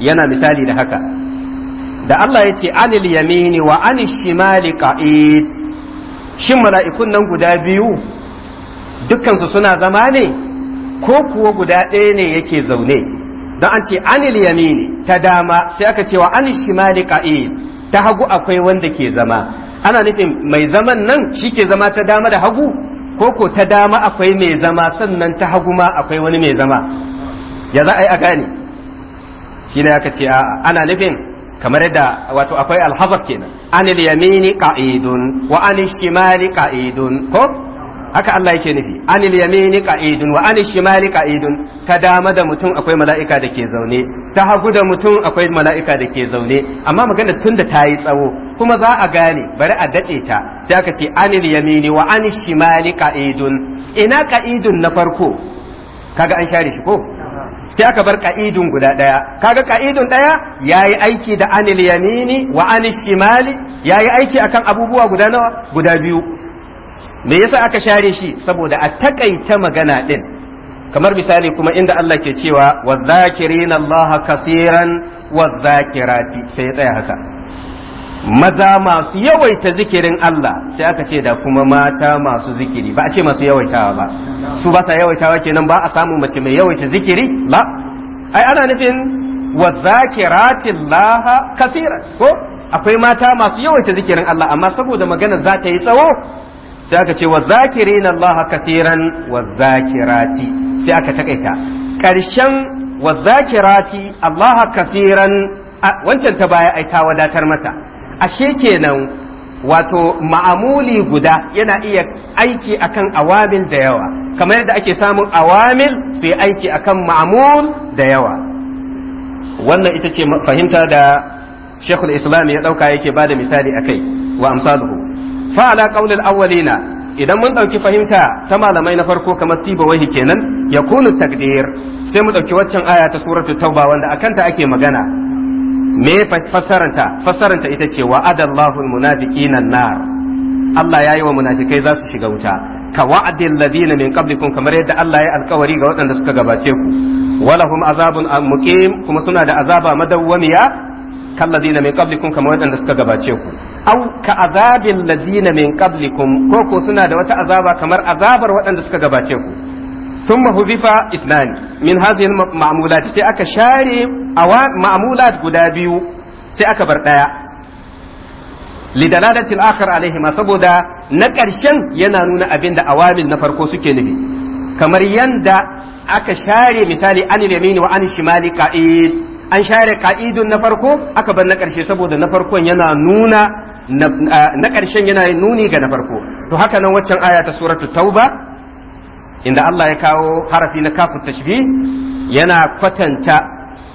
yana misali da haka da Allah ya ce anil yamini wa anil shimali qa'id shin mala'ikun nan guda biyu dukkansu suna zama ne ko kuwa guda ɗaya ne yake zaune don an ce anil yamini ta dama sai aka cewa anil shimali qa'id ta hagu akwai wanda ke zama ana nufin mai zaman nan shi ke zama ta dama da hagu ko ko ta dama akwai mai zama sannan ta hagu ma akwai wani mai zama ya za a yi a gane shi ne aka ce ana nufin kamar yadda wato akwai alhazaf kenan anil yamini qa'idun wa anil shimali qa'idun ko haka Allah yake nufi anil yamini qa'idun wa anil shimali qa'idun ta dama da mutum akwai mala'ika da ke zaune ta hagu da mutum akwai mala'ika da ke zaune amma magana tun da ta yi tsawo kuma za a gane bari a dace ta sai aka ce anil yamini wa anil shimali qa'idun ina qa'idun na farko kaga an share shi ko sai aka bar ka'idun guda ɗaya kaga ka'idun ɗaya ya yi aiki da anil yamini wa anil shimali ya yi aiki akan abubuwa guda nawa guda biyu me yasa aka share shi saboda a takaita magana ɗin kamar misali kuma inda Allah ke cewa wa zakirin Allah kasiran wa zakirati sai ya tsaya haka maza masu yawaita zikirin Allah sai aka ce da kuma mata masu zikiri ba a ce masu yawaitawa ba su ba sa yawaitawa kenan ba a samu mace mai yawaita zikiri la ai ana nufin wa laha kasira ko akwai mata masu yawaita zikirin Allah amma saboda magana za ta yi tsawo sai aka ce wa zakirina Allah kasiran wa zakirati sai aka takaita karshen wa zakirati Allah kasiran wancan ta baya ai ta wadatar mata ashe kenan wato ma'amuli guda yana iya aiki akan awamil da yawa kamar yadda ake samun awamil su aiki akan ma'amul da yawa wannan ita ce fahimta da shekul islam ya ɗauka yake ba da misali a kai wa amsaluhu fa'ala ƙaunar awwalina idan mun ɗauki fahimta ta malamai na farko kamar siba wahi kenan ya takdir sai mu ɗauki waccan aya ta suratul tauba wanda akanta ake magana me fasaranta fasaranta ita ce wa'adallahu almunafiqina nar Allah ya yi wa munafikai za su shiga wuta ka wa'adil ladina min qablikum kamar yadda Allah ya alkawari ga waɗanda suka gabace ku walahum azabun muqim kuma suna da azaba madawwamiya kalladina min qablikum kamar waɗanda suka gabace ku au ka azabil ladina min qablikum ko ko suna da wata azaba kamar azabar waɗanda suka gabace ku ثم حذف اثنان من هذه المعمولات سي اكا شاري او معمولات غدا بيو سي اكا بر دايا لدلالة الآخر عليهما سبودا نكرشن ينانون أبين دا أوامل نفرقو سكي نفي كمر يندا أكا شاري مثالي عن اليمين وعن الشمال قائد an share ka'idun na farko aka bar na ƙarshe saboda na farkon yana nuna na ƙarshen yana nuni ga na farko to haka nan waccan aya ta suratu tauba inda Allah ya kawo harafi na kafin tashbih yana kwatanta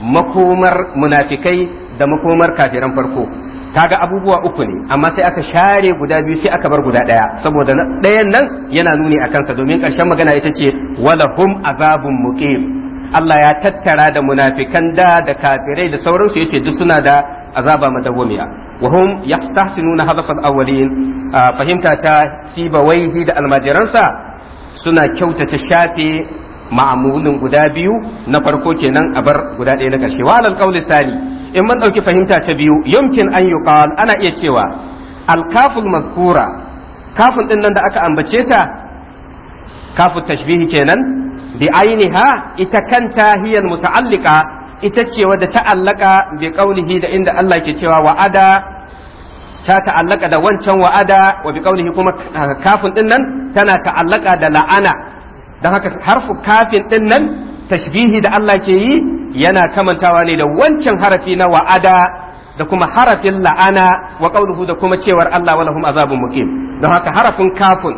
makomar munafikai da makomar kafiran farko kaga abubuwa uku ne amma sai aka share guda biyu sai aka bar guda ɗaya saboda ɗayan nan yana nuni a kansa domin ƙarshen magana ita ce walahum azabun muqim Allah ya tattara da munafikan da da kafirai da sauransu yace duk suna da azaba madawwamiya wa hum yastahsinuna hadaf al-awwalin ah, fahimta ta waihi da almajiransa suna kyautata shafe ma'amulin guda biyu na farko kenan a bar guda ɗaya na ƙarshe wa alal qawli sani in mun ɗauki fahimta ta biyu yumkin an yuqal ana iya cewa alkaful Maskura kafin ɗin nan da aka ambace ta kafin tashbihi kenan bi ainiha ita kanta hiyal muta'allika ita ce wadda ta'allaka bi qawlihi da inda Allah ke cewa wa'ada ta ta'allaka da wancan wa'ada wa bi qawlihi kuma ah, kafin din nan tana ta'allaka da la'ana dan haka harfu kafin din nan tashbihi da Allah ke yi yana kamantawa ne da wancan harafi na wa'ada da kuma harafin la'ana wa qawluhu da kuma cewar Allah walahum azabun muqim don haka harafin kafin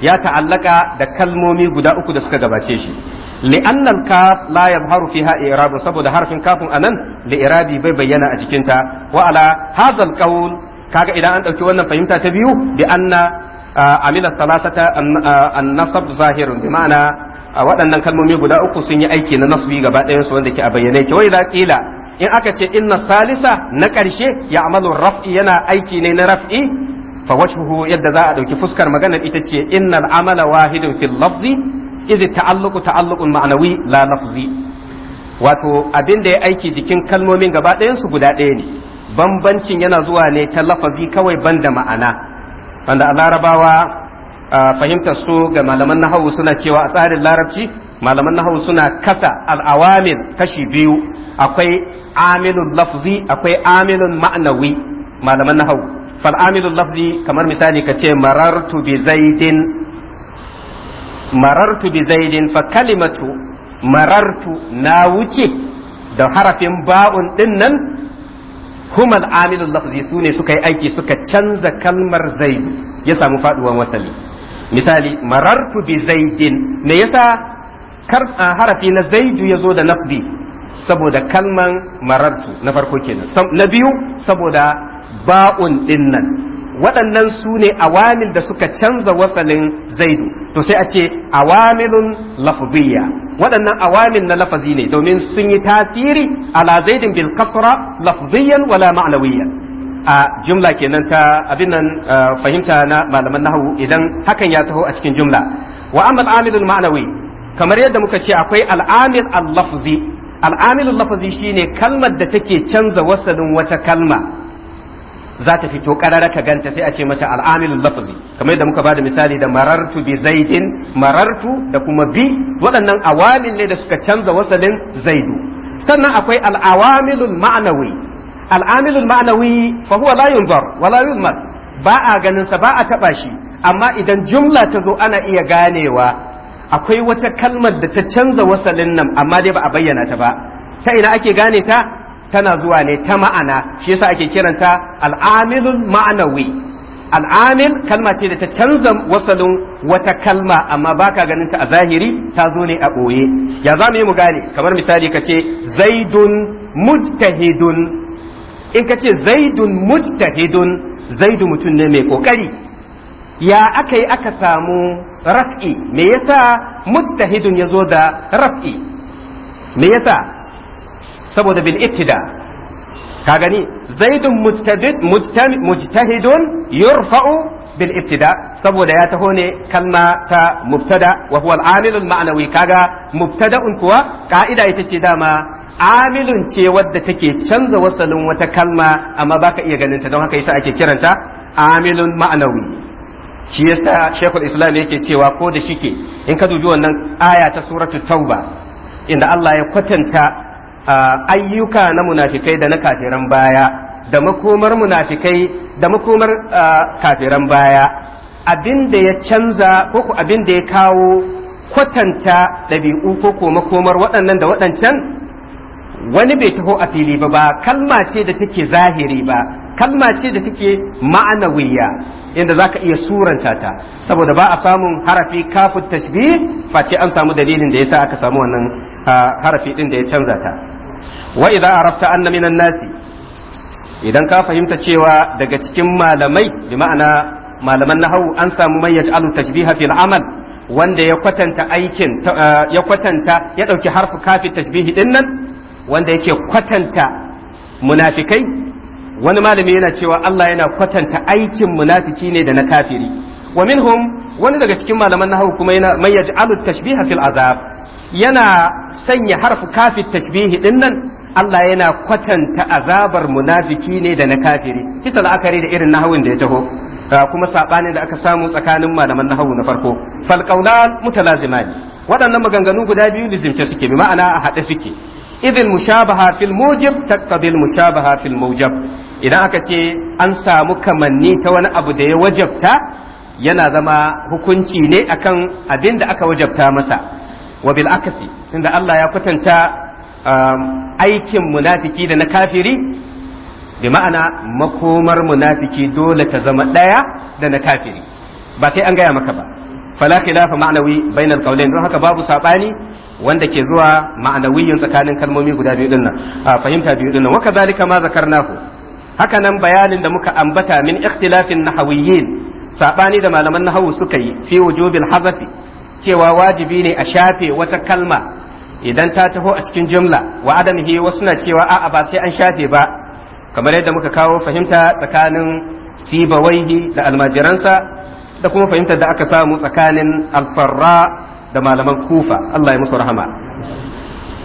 ya ta'allaka da kalmomi guda uku da suka gabace shi لأن الكاف لا يظهر فيها إعراب anan, حرف كاف أنن لإعرابي بيبينا أجكنتا وعلى هذا القول kaga idan an ɗauki wannan fahimta ta biyu bi anna amila salasata an nasab zahirun bi ma'ana waɗannan kalmomi guda uku sun yi aiki na nasbi gaba ɗayan su wanda ke a bayyane ke wai kila in aka ce inna salisa na ƙarshe ya amalu raf'i yana aiki ne na raf'i fa wajhuhu yadda za a ɗauki fuskar maganar ita ce innal amala wahidun fil lafzi izi ta'alluqu ta'alluqun ma'nawi la lafzi wato abin da ya aiki jikin kalmomin gaba ɗayan su guda ɗaya ne bambancin yana zuwa ne ta lafazi kawai ban da ma'ana wanda a larabawa fahimtar su ga malaman nahawu suna cewa a tsarin larabci malaman nahawu suna kasa al'awamin kashi biyu akwai aminun lafzi akwai aminun ma'anawi malaman nahawu fal aminun lafzi kamar misali ka ce marartu bi zaidin marartu bi fa kalimatu marartu na wuce da harafin ba'un din humal Amilun lafzi su ne suka yi aiki suka canza kalmar zaidu ya samu faduwan wasali misali marartu bi zaidin kar yasa harafi na zaidu ya zo da nasbi saboda kalman marartu na farko kenan na biyu saboda ba'un dinnan waɗannan sune ne awamil da suka canza wasalin zaidu to sai a ce awamilun lafziya waɗannan awamin na lafazi ne domin sun yi tasiri ala zaidin bil kasra lafziyan wala ma'nawiyan a jumla kenan ta abin nan fahimta na malaman Nahu, idan hakan ya taho a cikin jumla wa amma al ma'nawi kamar yadda muka ce akwai al-amil al-lafzi al-amilul lafzi shine kalmar da take canza wasalin wata kalma za ta fito karara ka ganta sai a ce mata al'amilul lafazi kamar yadda muka bada misali da marartu bi zaidin marartu da kuma bi waɗannan awamil ne da suka canza wasalin zaidu sannan akwai al'awamilul ma'anawi al'amilul ma'anawi fa huwa la yunzar wa yulmas ba a ganin sa ba a taba shi amma idan jumla ta zo ana iya ganewa akwai wata kalmar da ta canza wasalin nan amma dai ba a bayyana ta ba ta ina ake gane ta tana zuwa ne ta ma'ana shi yasa ake kiranta al'amilul ma'anawi al'amil kalma ce da ta canza wasalin wata kalma amma baka ganin ta a zahiri ta zo ne a ɓoye ya za mu yi mu gane kamar misali ka ce zaidun mujtahidun in ka ce zaidun mujtahidun zaidu mutum ne mai kokari ya aka yi aka samu raf'i me yasa mujtahidun ya zo da raf'i me yasa saboda bil ittida ka gani zaidun mujtahidun yurfa'u bil ibtida saboda ya taho ne kalma ta mubtada wa huwa al-amilul ma'nawi kaga mubtada'un kuwa ka'ida ita ce dama amilun ce wadda take canza wasalin wata kalma amma baka iya ganin ta don haka yasa ake kiranta amilun ma'nawi shi yasa shekul islam yake cewa ko da shike in ka dubi wannan aya ta suratul tauba inda Allah ya kwatanta ayyuka na munafikai da na kafiran baya da makomar munafikai da makomar kafiran baya abin da ya canza ko abin da ya kawo kwatanta dabi'u ko ko makomar waɗannan da waɗancan wani bai taho a fili ba ba kalma ce da take zahiri ba kalma ce da take ma'anawiya inda za ka iya suranta ta saboda ba a samun harafi kafin tashbih face an samu dalilin da ya sa aka samu wannan harafi ɗin da ya canza ta wa idza arafta anna minan nasi idan ka fahimta cewa daga cikin malamai bi ma'ana malaman nahawu an samu man yaj'alu tashbiha fil amal wanda ya kwatanta aikin eh, ya kwatanta ya ɗauki harfu kafin tashbihi din nan wanda yake kwatanta munafikai wani malami yana cewa Allah yana kwatanta aikin munafiki ne da na kafiri wa minhum wani daga cikin malaman nahawu kuma yana man yaj'alu tashbiha fil azab yana sanya harfu kafin tashbihi din nan Allah yana kwatanta azabar munafiki ne da na kafiri bisa la'akari da irin nahawin da ya taho kuma saɓanin da aka samu tsakanin malaman nahawu na farko fal qawlan ne waɗannan maganganu guda biyu lizimce suke bi ma'ana a haɗe suke idil mushabaha fil mujib taqbil mushabaha fil mujab idan aka ce an samu kamanni ta wani abu da ya wajabta yana zama hukunci ne akan abin da aka wajabta masa wa bil aksi tunda Allah ya kwatanta Um, aikin munafiki da na kafiri bi ma'ana makomar munafiki dole ta zama ɗaya da na kafiri ba sai an gaya maka ba fala khilafa ma'anawi bainal qawlain don haka babu sabani wanda ke zuwa ma'anawiyin tsakanin kalmomi guda biyu dinnan a fahimta biyu dinnan wa kadhalika ma zakarnahu haka nan bayanin da muka ambata min ikhtilafin nahawiyyin sabani da malaman nahawu suka yi fi wujubil hazafi cewa wajibi ne a shafe wata kalma idan ta taho a cikin jumla wa adamihi wasu na cewa a'a ba sai an shafe ba kamar yadda muka kawo fahimta tsakanin sibawaihi da almajiransa da kuma fahimtar da aka samu tsakanin alfarra da malaman kufa Allah ya musu rahama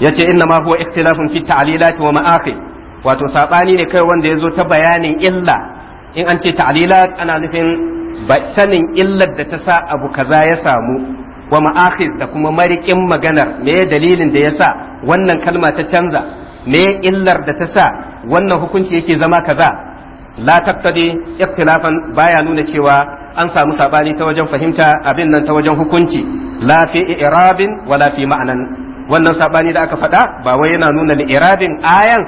yace inna ma huwa ikhtilafun fi ta'lilat wa ma'akhis wato sabani ne kai wanda ya zo ta bayanin illa in an ce ta'lilat ana nufin sanin illar da ta sa abu kaza ya samu wa ma'akhis da kuma marikin maganar me dalilin da ya sa wannan kalma ta canza me illar da ta sa wannan hukunci yake zama kaza la taqtadi ikhtilafan baya nuna cewa an samu sabani ta wajen fahimta abin nan ta wajen hukunci la fi i'rabin wala fi ma'anan wannan sabani da aka faɗa ba wai yana nuna li'irabin ayan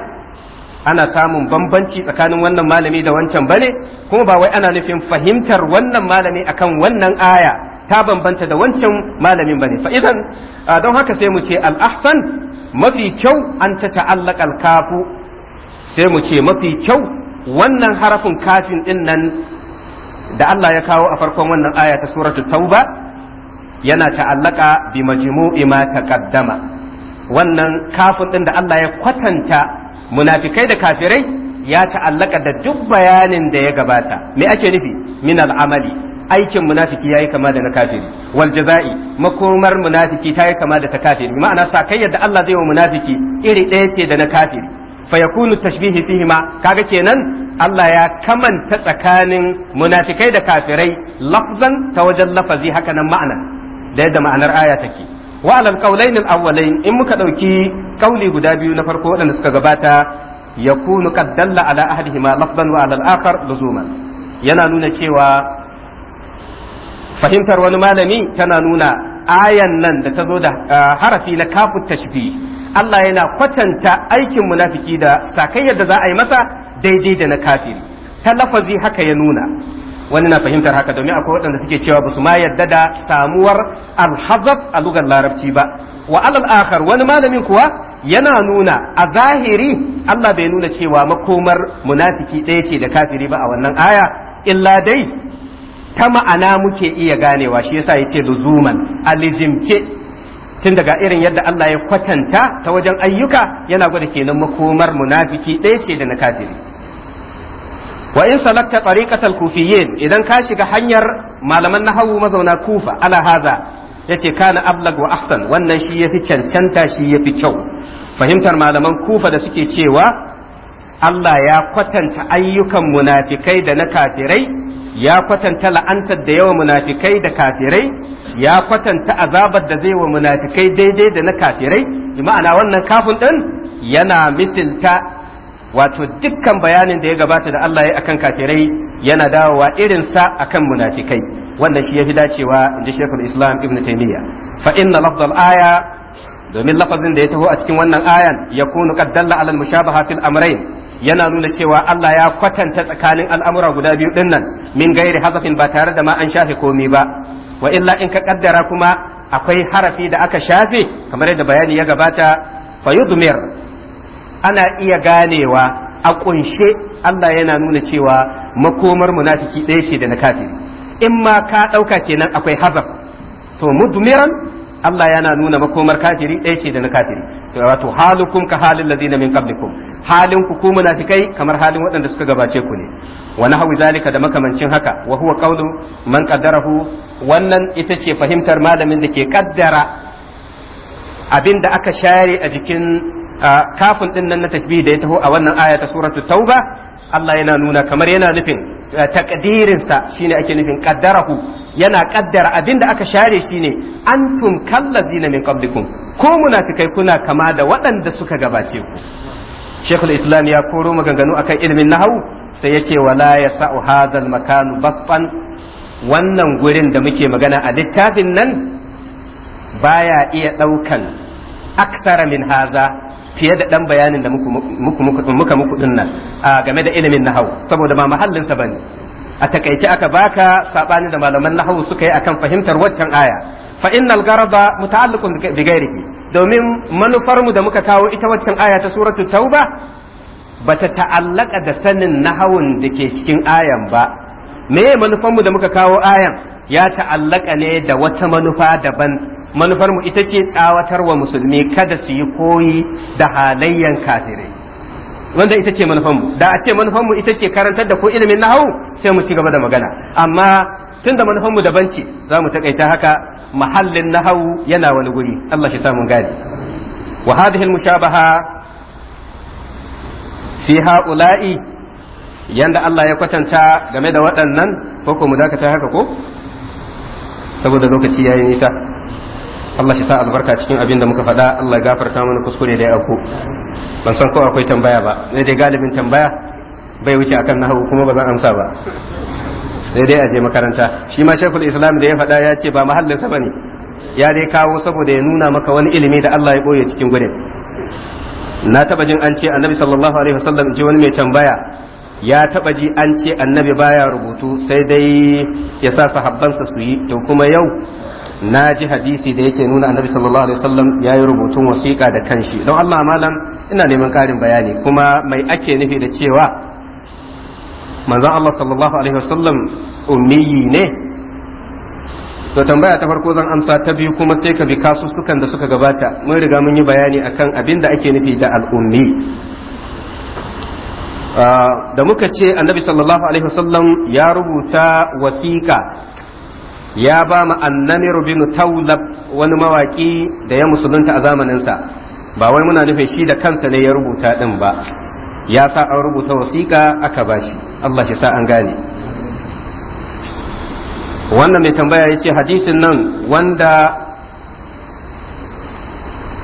ana samun bambanci tsakanin wannan malami da wancan bane kuma ba wai ana nufin fahimtar wannan malami akan wannan aya ta bambanta da wancan malamin bane fa idan don haka sai mu ce al-ahsan mafi kyau an ta ta'allaka al-kafu sai mu ce mafi kyau wannan harafin kafin din nan da Allah ya kawo a farkon wannan aya ta suratu tauba yana ta'allaka bi majmu'i ma taqaddama wannan kafin din da Allah ya kwatanta munafikai da kafirai ya ta'allaka da duk bayanin da ya gabata me ake nufi min al'amali aikin munafiki yayi kama da na kafiri wal jaza'i makomar munafiki ta yi kama da ta kafiri ma'ana sakayyar da Allah zai wa munafiki iri ɗaya ce da na kafiri fa yakunu tashbihi fihi ma kaga kenan Allah ya kamanta tsakanin munafikai da kafirai lafzan ta wajen lafazi haka nan ma'ana da yadda ma'anar aya take wa alal qawlain awwalain in muka dauki kauli guda biyu na farko waɗanda suka gabata yakunu qad dalla ala ma lafzan wa ala akhar luzuman yana nuna cewa fahimtar wani malami tana nuna ayan nan da ta zo da ah, harafi na kafu tashbi. Allah yana kwatanta aikin munafiki da sakayyar da za a yi masa daidai da na kafiri ta lafazi haka ya nuna wani na fahimtar haka domin akwai waɗanda suke cewa ba su ma yadda da samuwar alhazaf a lugar larabci ba wa alal akhar wani malamin kuwa yana nuna a zahiri Allah bai nuna cewa makomar munafiki ɗaya ce da kafiri ba a wannan aya illa dai ta ma'ana muke iya ganewa shi yasa yace luzuman alizimce tun daga irin yadda Allah ya kwatanta ta wajen ayyuka yana gwada kenan makomar munafiki ɗaya ce da na kafiri wa in salakta tariqatal kufiyyin idan ka shiga hanyar malaman nahawu mazauna kufa ala haza yace kana ablag wa ahsan wannan shi yafi cancanta shi yafi kyau fahimtar malaman kufa da suke cewa Allah ya kwatanta ayyukan munafikai da na kafirai ya kwatanta la'antar da yawa munafikai da kafirai ya kwatanta azabar da zai wa munafikai daidai da na kafirai ma'ana wannan kafin ɗin yana misilta wato dukkan bayanin da ya gabata da Allah ya akan kafirai yana dawowa irinsa akan munafikai wannan shi yafi dacewa in ji Sheikhul Islam Ibn taimiyya fa inna lafdal aya domin lafazin da ya taho a cikin wannan ayan ya kunu dalla ala mushabaha fil amrayn yana nuna cewa Allah ya kwatanta tsakanin al'amura guda biyu din nan min gairi hazafin ba tare da ma an shafe komi ba wa illa in ka kaddara kuma akwai harafi da aka shafe kamar yadda bayani ya gabata fayudmir ana iya ganewa a kunshe Allah yana nuna cewa makomar munafiki ɗaya ce da na kafiri in ma ka ɗauka kenan akwai hazaf to mudmiran Allah yana nuna makomar kafiri ɗaya ce da na kafiri wato halukum ka halin ladina min qablikum halin ku ku munafikai kamar halin waɗanda suka gabace ku ne wa nahwi zalika da makamancin haka wa huwa qawlu man qaddarahu wannan ita ce fahimtar malamin da ke kaddara abin da aka share a jikin kafin din nan na tasbihi da ya taho a wannan aya ta suratul tauba Allah yana nuna kamar yana nufin takdirinsa shine ake nufin qaddarahu yana kaddara abin da aka share shi ne antum kallazina min qablikum ko munafikai kuna kama da waɗanda suka gabace ku shekul islam ya koro maganganu akan ilimin nahawu sai ya ce wala ya sa'u hadal makanu basban wannan gurin da muke magana a littafin nan baya iya ɗaukan aksara min haza fiye da ɗan bayanin da muka muku din nan game da ilimin nahawu saboda ma mahallinsa ne a takaice aka baka saɓani da malaman nahawu suka yi akan fahimtar waccan aya fa innal garaba muta'alliqun bi ghairihi domin manufarmu da muka kawo ita waccan aya ta suratu tauba ba ta ta'allaka da sanin nahawun da ke cikin ayan ba me manufarmu da muka kawo ayan ya ta'allaka ne da wata manufa daban manufarmu ita ce tsawatarwa musulmi kada su yi koyi da halayyan kafirai wanda ita ce manufarmu da a ce manufarmu ita ce karantar da ko ilimin nahawu sai mu ci gaba da magana amma tunda manufarmu daban ce za mu takaita haka mahallin nahawu yana wani guri Allah shi samun gadi wa hadhihi mushabaha fi haula'i yanda Allah ya kwatanta game da waɗannan ko ko mu dakata haka ko saboda lokaci yayi nisa Allah shi sa albarka cikin abin da muka faɗa Allah gafarta mana kuskure da ya ban san ko akwai tambaya ba ne dai galibin tambaya bai wuce akan nahawu kuma ba zan amsa ba sai dai aje makaranta shi ma shekul islam da ya faɗa ya ce ba mahallinsa bane ya dai kawo saboda ya nuna maka wani ilimi da Allah ya boye cikin gurin na taba jin an ce annabi sallallahu alaihi wasallam ji wani mai tambaya ya taba ji an ce annabi baya rubutu sai dai ya sa sahabbansa su yi to kuma yau na ji hadisi da yake nuna annabi sallallahu alaihi wasallam ya yi rubutun wasiƙa da kanshi don Allah malam ina neman ƙarin bayani kuma mai ake nufi da cewa manzon Allah sallallahu alaihi wasallam ummiyi ne to tambaya ta farko zan amsa ta biyu kuma sai ka bi kasussukan da suka gabata mun riga mun yi bayani akan abin da ake nufi da al'ummi ah, da muka ce annabi sallallahu alaihi wasallam ya rubuta wasiƙa ya ba ma annamir bin taulab wani mawaƙi da ya musulunta a zamaninsa ba wai muna nufin shi da kansa ne ya rubuta din ba ya sa an rubuta wasiƙa aka ba shi Allah shi sa an gane wannan mai tambaya ya ce hadisin nan wanda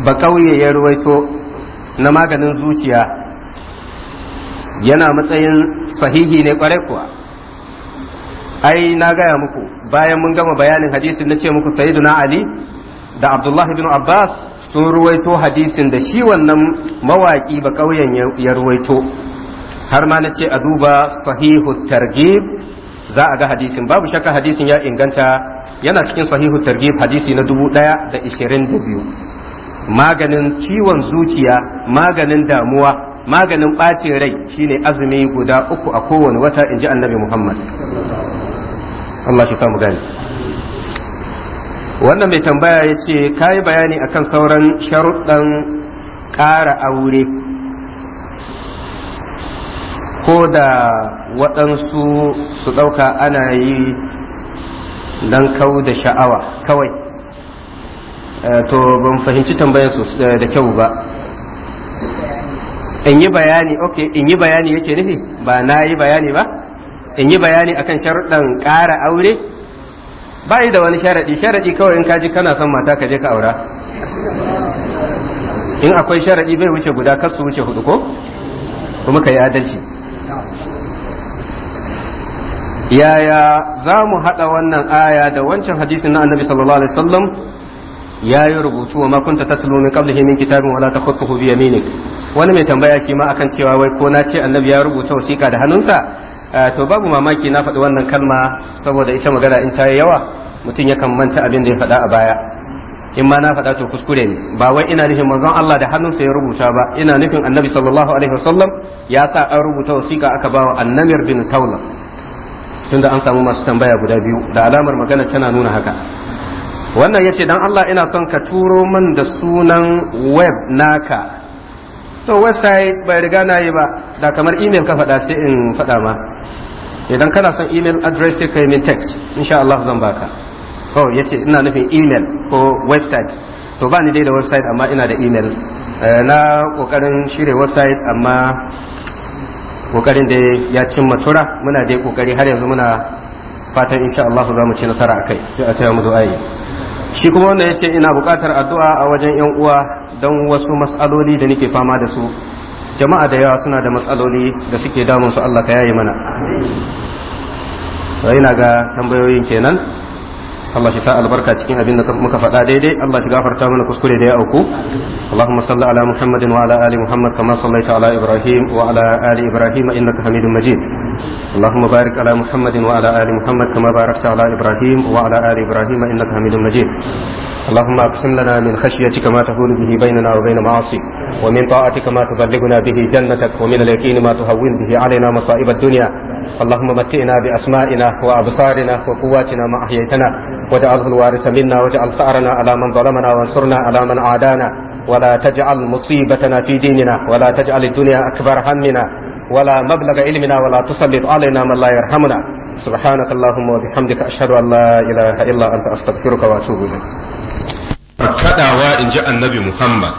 ba kauye ya ruwaito na maganin zuciya yana matsayin sahihi ne kware kuwa ai na gaya muku bayan mun gama bayanin hadisin na ce muku na ali da Abdullahi ibn abbas sun ruwaito hadisin da shi wannan mawaƙi ba kauyen ya ruwaito har ma na ce a duba sahihu targib. za a ga hadisin babu shakka hadisin ya inganta yana cikin sahihu targhib hadisi na dubu da da biyu. maganin ciwon zuciya maganin damuwa maganin ɓacin rai shine azumi guda uku a kowane wata inji annabi muhammad Allah shi samu gani wannan mai tambaya ya ce ka yi bayani akan sauran sharuɗan ƙara aure ko da waɗansu su ɗauka ana yi don kau da sha'awa kawai eh, to ban fahimci tambayar eh, da kyau ba in yi bayani ok in yi bayani yake nufi ba na yi bayani ba in yi bayani akan sharuɗan ƙara aure ba yi da wani sharaɗi sharaɗi kawai in kaji kana son mata ka je ka aura in akwai sharaɗi bai wuce guda kar su wuce hudu ko kuma ka yi adalci yaya za mu haɗa wannan aya da wancan hadisin na annabi sallallahu alaihi wasallam ya yi rubutu wa makunta ta tulu min qablihi min kitabin wala takhutuhu bi yaminik wani mai tambaya shi ma akan cewa wai ko na ce annabi ya rubuta wasiƙa da hannunsa to babu mamaki na faɗi wannan kalma saboda ita magana in ta yi yawa mutum yakan manta abin da ya faɗa a baya in ma na faɗa to kuskure ne ba wai ina nufin manzon Allah da hannunsa ya rubuta ba ina nufin annabi sallallahu alaihi wasallam ya sa an rubuta wasiƙa aka ba wa annamir bin taula tunda an samu masu tambaya guda biyu da alamar magana tana nuna haka wannan yace dan Allah ina son ka turo min da sunan web naka to website bai riga na yi ba da kamar email ka faɗa sai in faɗa ma idan kana son email address sai kai min text insha Allah zan baka oh yace ina nufin email ko website to ba ni dai da website amma ina da email eh, na kokarin shirya website amma kokarin da ya cimma tura muna dai kokari har yanzu muna fatan insha Allah za mu ci nasara akai sai a taya mu du'a'i shi kuma wanda ce ina bukatar addu'a a wajen yan uwa don wasu matsaloli da nake fama da su jama'a da yawa suna da matsaloli da suke damun su Allah ka yayi mana ina ga tambayoyin kenan Allah shi sa albarka cikin abin da muka faɗa daidai Allah shi gafarta mana kuskure da ya auku Allahumma salli ala Muhammadin wa ala ali Muhammad kama sallaita ala Ibrahim wa ala ali Ibrahim innaka Hamidum Majid Allahumma barik ala Muhammadin wa ala ali Muhammad kama barakta ala Ibrahim wa ala ali Ibrahim innaka Hamidum Majid اللهم اقسم لنا من خشيتك ما تهون به بيننا وبين معاصيك ومن طاعتك ما تبلغنا به جنتك ومن اليقين ما تهون به علينا مصائب الدنيا اللهم متئنا باسمائنا وابصارنا وقواتنا ما احييتنا واجعله الوارث منا واجعل ثأرنا على من ظلمنا وانصرنا على من عادانا ولا تجعل مصيبتنا في ديننا ولا تجعل الدنيا أكبر همنا ولا مبلغ علمنا ولا تسلط علينا من لا يرحمنا سبحانك اللهم وبحمدك أشهد أن لا إله إلا أنت أستغفرك وأتوب إليك كدعوا إن جاء النبي محمد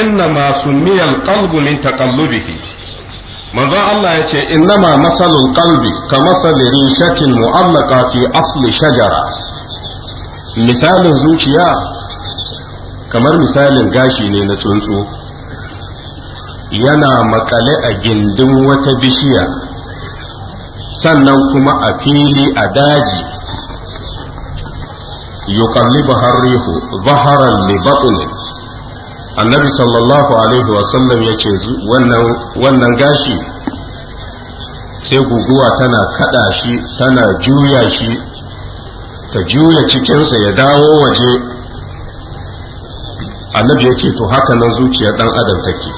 إنما سمي القلب من تقلبه manzon Allah ya ce innama masalul qalbi ka masali rishatin mu'allaqa fi asli shajara misalin zuciya kamar misalin gashi ne na tsuntsu yana makale a gindin wata bishiya sannan kuma a fili a daji yuqallibu harrihu zaharan li annabi sallallahu alaihi wasallam ya ce wannan gashi sai guguwa tana kada shi tana juya shi ta juya cikinsa ya dawo waje annabi ya ce to haka nan zuciyar dan adam take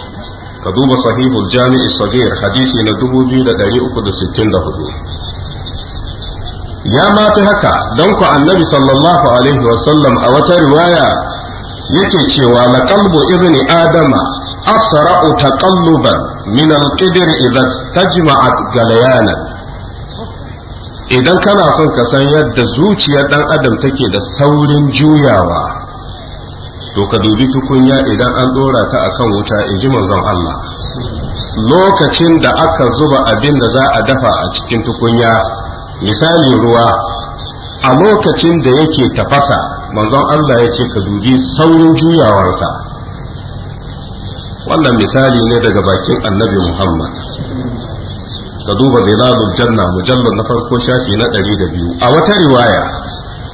ka duba sahihul jami'i sagir hadisi na 2364 ya ma fi haka don ku annabi sallallahu alaihi wasallam a wata riwaya yake cewa la kalbu ibni adama asra'u taqalluban min al-qibr idza tajma'at galayana idan kana son ka san yadda zuciyar dan adam take da saurin juyawa to ka dubi tukunya idan an dora ta akan wuta in ji manzon Allah lokacin da aka zuba abin da za a dafa a cikin tukunya misali ruwa a lokacin da yake tafasa manzon Allah ya ce ka dubi saurin juyawarsa wannan misali ne daga bakin annabi Muhammad ka duba zilalul janna mujallar na farko shafi na ɗari da biyu a wata riwaya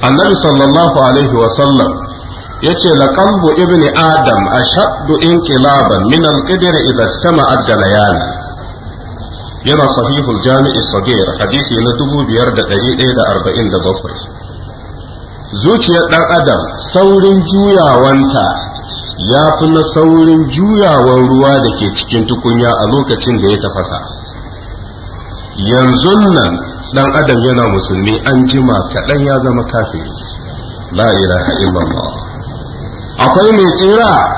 annabi sallallahu alaihi wasallam ya ce laƙalbu ibn adam a shaɗu inƙilaban min alƙidir idza ijtama'at da yana sahihul jami'i sagir hadisi na dubu biyar da ɗari ɗaya da arba'in da bakwai zuciyar ɗan adam saurin juyawanta ya fi na saurin juyawan ruwa da ke cikin tukunya a lokacin da ya tafasa yanzu nan ɗan adam yana musulmi an jima kaɗan ya zama kafin la ilaha ba akwai mai tsira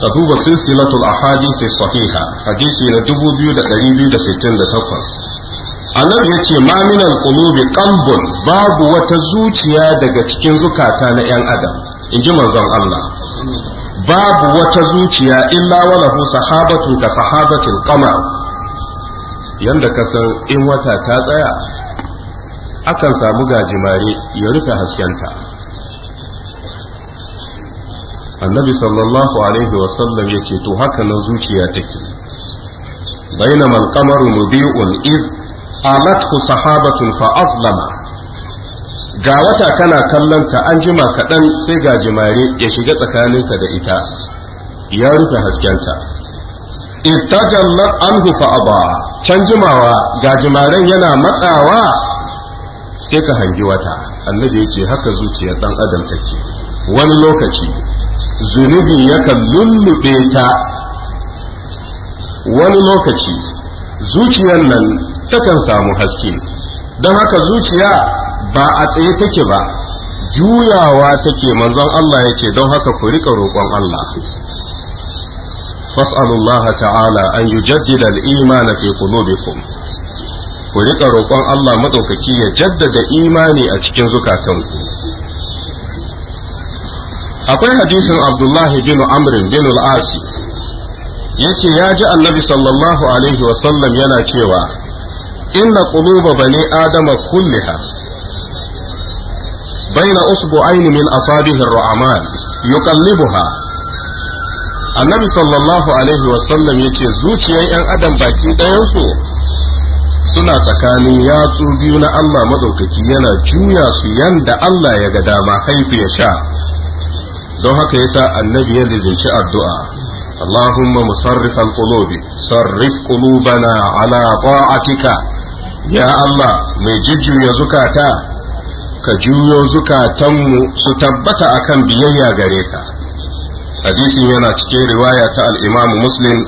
ka duba silsilatul ahadisi sahiha hadisi na 2268 annabi ya ce ma minal qulubi babu wata zuciya daga cikin zukata na yan adam in ji manzon Allah babu wata zuciya illa walahu sahabatun ka sahabatul qamar yanda ka san in wata ta tsaya akan samu gajimare ya rufe haskenta annabi sallallahu alaihi wasallam ya ce to haka na zuciya take bainama al-qamaru mudi'un halatku sahabatun fa azlama ga wata kana kallon an jima kaɗan sai ga jimare ya shiga tsakaninka da ita ya rufe haskenta irtajallat anhu fa aba can jimawa ga jimaren yana matsawa sai ka hangi wata annabi ya ce haka zuciyar ɗan adam take wani lokaci zunubi yakan lullube ta wani lokaci zuciyar nan takan samu haske don haka zuciya ba a tsaye take ba juyawa take manzon Allah ya don haka ku rika roƙon Allah Allah ta'ala an yujaddida al-iman fi qulubikum ku rika roƙon Allah madaukaki ya jaddada imani a cikin zukatanku akwai hadisin Abdullahi bin Amr bin al-Asi yace ya ji Annabi sallallahu alaihi wa sallam yana cewa inna quluba bani adama kulliha baina usbu usbu'aini min asabihi ar-rahman yuqallibuha annabi sallallahu alaihi wasallam yace zuciyar yan adam baki ɗayansu suna tsakanin yatsu biyu na Allah madaukaki yana juya su yanda Allah ya ga dama haifu ya sha don haka yasa annabi ya lizinci addu'a اللهم مصرف القلوب صرف قلوبنا على طاعتك ya Allah mai jujjuya zukata ka juyo zukatanmu su tabbata akan biyayya gare ka hadisin yana cikin riwaya ta al'imamu muslim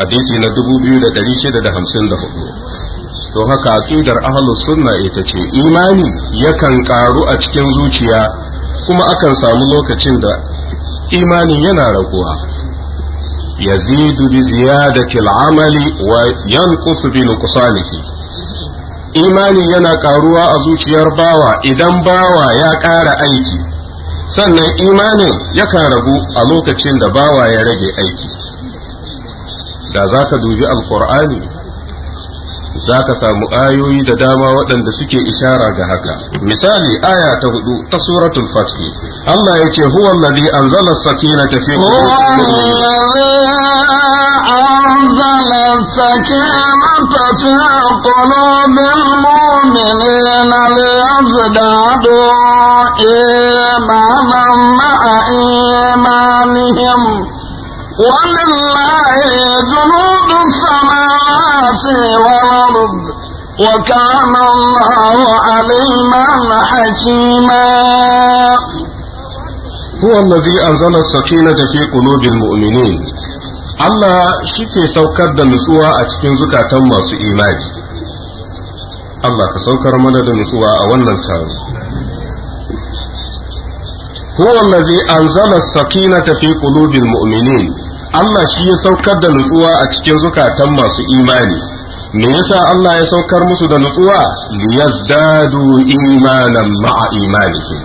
hadisi na 2654 to haka aqidar ahlus sunna ita ce imani yakan karu a cikin zuciya kuma akan samu lokacin da imanin yana raguwa yazidu bi ziyadati amali wa yanqusu bi nuqsanihi imani yana karuwa a zuciyar bawa idan bawa ya ƙara aiki sannan imanin yakan ragu a lokacin da bawa ya rage aiki da za ka dubi alkur'ani za ka samu ayoyi da dama waɗanda suke ishara ga haka misali aya ta hudu ta suratul fathi Allah ya ce huwa alladhi anzala as-sakinata fi قلوب المؤمنين ليزدادوا إيمانا مع ولله جنود السماوات والأرض وكان الله عليما حكيما هو الذي أنزل السكينة في قلوب المؤمنين Allah shi ke saukar da nutsuwa a cikin zukatan masu imani. Allah ka saukar mana da nutsuwa a wannan taro. Huwa allazi anzala sakinata fi qulubil mu'minin Allah shi ya saukar da nutsuwa a cikin zukatan masu imani me yasa Allah ya saukar musu da nutsuwa liyazdadu imanan ma'a imanihi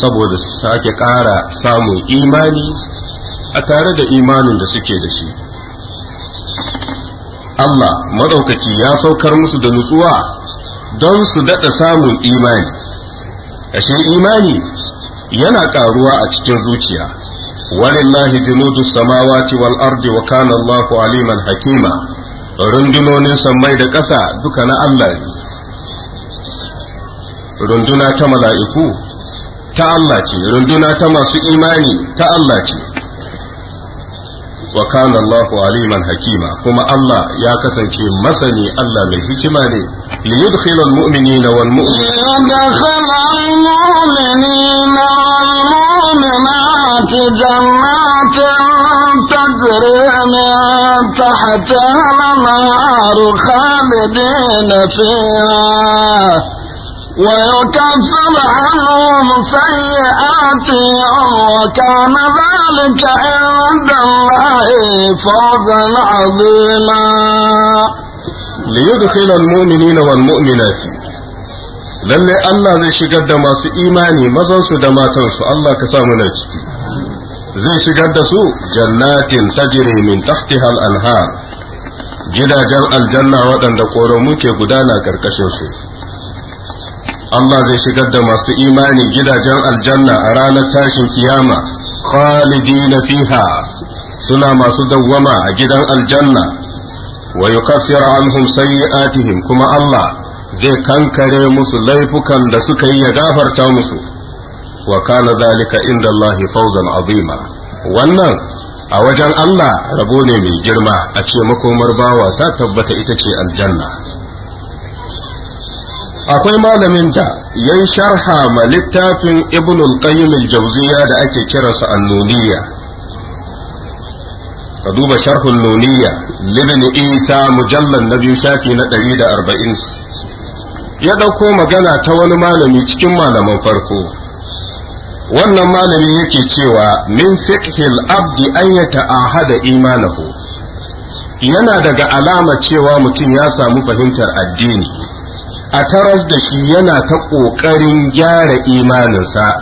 saboda su sake ƙara samun imani a tare da imanin da suke da shi Allah maɗaukaci ya saukar musu da nutsuwa don su daɗa samun imani ashe imani yana ƙaruwa a cikin zuciya ولله جنود السماوات والأرض وكان الله عليما حكيما رندنون سمي دكسا دكنا الله رندنا تملا إكو تالله رندنا تمس إيماني تالله وكان الله عليما حكيما كما الله يا كسن مسني الله من حكمانه ليدخل المؤمنين والمؤمنين ليدخل المؤمنين والمؤمنات جنات تجري من تحت الأنهار خالدين فيها ويكفر عنهم سيئاتهم وكان ذلك عند الله فوزا عظيما ليدخل المؤمنين والمؤمنات Lallai Allah zai shigar da masu imani mazansu da matansu Allah ka samu na ciki zai shigar da su jannatin tajri min tahtiha al-anhar gidajen aljanna waɗanda ƙoramu ke gudana ƙarƙashin su Allah zai shigar da masu imani gidajen aljanna a ranar tashin kiyama khalidina fiha suna masu dawwama a gidan aljanna wa yukaffiru anhum sayyi'atihim kuma Allah zai kankare musu laifukan da suka yi ya gafarta musu wa kana zalika inda Allah fawzan azima wannan a wajen Allah rabo ne mai girma a ce makomar bawa ta tabbata ita ce aljanna akwai malamin da ya yi sharha ma littafin ibnul qayyim al-jawziya da ake kiransa annuniya ka duba sharhun nuniya Libin isa mujallar na biyu shafi na 140 ya ɗauko magana ta wani malami cikin malaman farko wannan malami yake cewa min fiqhil abdi an ya ta'ahada imanahu yana daga alama cewa mutum ya samu fahimtar addini a taras da shi yana ta ƙoƙarin gyara imaninsa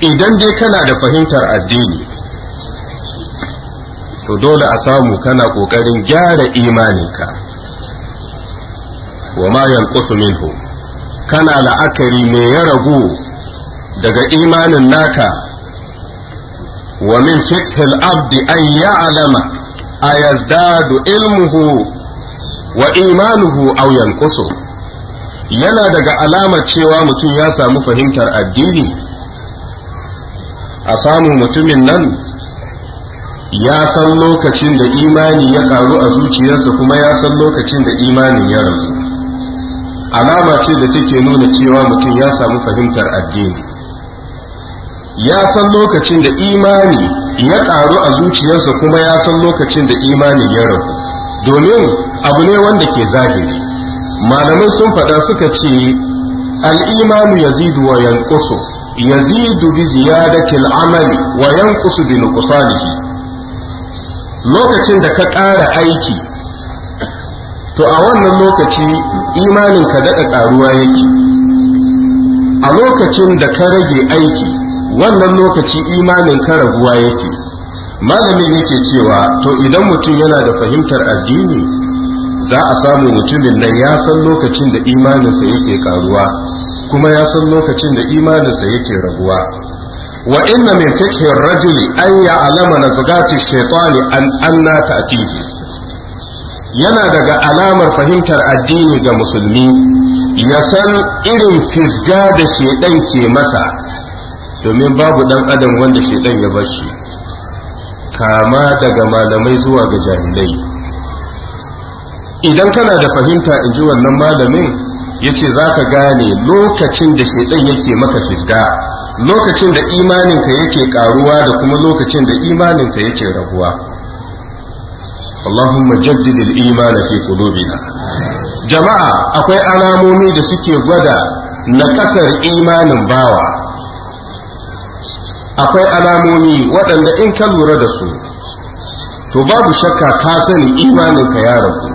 idan dai kana da fahimtar addini to dole a samu kana ƙoƙarin gyara imaninka wa ma yanqusu minhu kana la'akari me ya ragu daga imanin naka wa min fiqhil abdi an ya'lama ayazdadu ilmuhu wa imanuhu aw yanqusu yana daga alamar cewa mutum ya samu fahimtar addini a samu mutumin nan ya san lokacin da imani ya karu a zuciyarsa kuma ya san lokacin da imanin ya rasu alama ce da take nuna cewa mutum ya samu fahimtar addini ya san lokacin da imani ya ƙaru a zuciyarsa kuma ya san lokacin da imani ya ragu domin abu ne wanda ke zahiri malamai sun faɗa suka ce al'imanu ya zidu wa yankusu ya zidu bi ziyadatil amali wa yankusu bi nuqsanihi lokacin da ka ƙara aiki to a wannan lokaci imanin ka daɗa ƙaruwa yake a lokacin da ka rage aiki wannan lokaci imanin ka raguwa yake malamin yake cewa to idan mutum yana da fahimtar addini za a samu mutumin nan ya san lokacin da imaninsa yake karuwa kuma ya san lokacin da imaninsa yake raguwa wa inna min ar rajuli an ya'lama nazgati shaytani an anna ta'tihi yana daga alamar fahimtar addini ga musulmi ya san irin fisga da shedan ke masa domin babu dan adam wanda shedan ya bar shi kama daga malamai zuwa ga jahilai idan kana da fahimta in ji wannan malamin ya ce za ka gane lokacin da shedan yake maka fisga lokacin da imaninka yake karuwa da kuma lokacin da imaninka yake raguwa Allahumma jaddid al fi qulubina jama'a akwai alamomi da suke gwada na kasar imanin bawa akwai alamomi waɗanda in ka lura da su to babu shakka ka sani imaninka ya rabu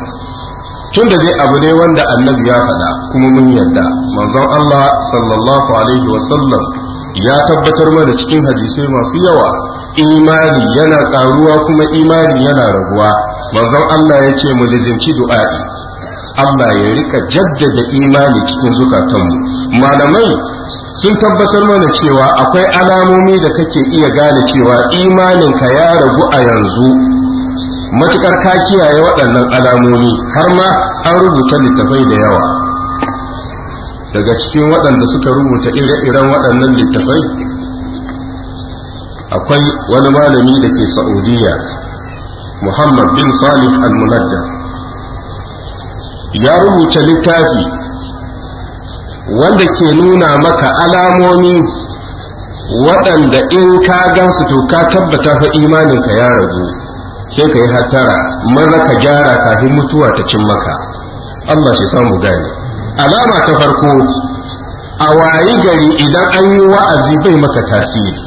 tun da dai abu ne wanda annabi ya faɗa kuma mun yarda manzon Allah sallallahu alaihi wasallam ya tabbatar mana cikin hadisai masu yawa imani yana ƙaruwa kuma imani yana raguwa manzon Allah ya ce mu lizimci du'a'i Allah ya rika jaddada imani cikin zukatanmu malamai sun tabbatar mana cewa akwai alamomi da kake iya gane cewa imaninka ya ragu a yanzu matukar ka kiyaye waɗannan alamomi har ma an rubuta littafai da yawa daga cikin waɗanda suka rubuta ire-iren waɗannan littafai akwai wani malami da ke sa'udiyya muhammad bin salih al-munadda ya rubuta littafi wanda ke nuna maka alamomi waɗanda in ka gansu to ka tabbata fa imaninka ya ragu sai ka yi hatara maza ka gyara kafin mutuwa ta cin maka allah shi samu gane alama ta farko a wayi gari idan an yi wa'azi bai maka tasiri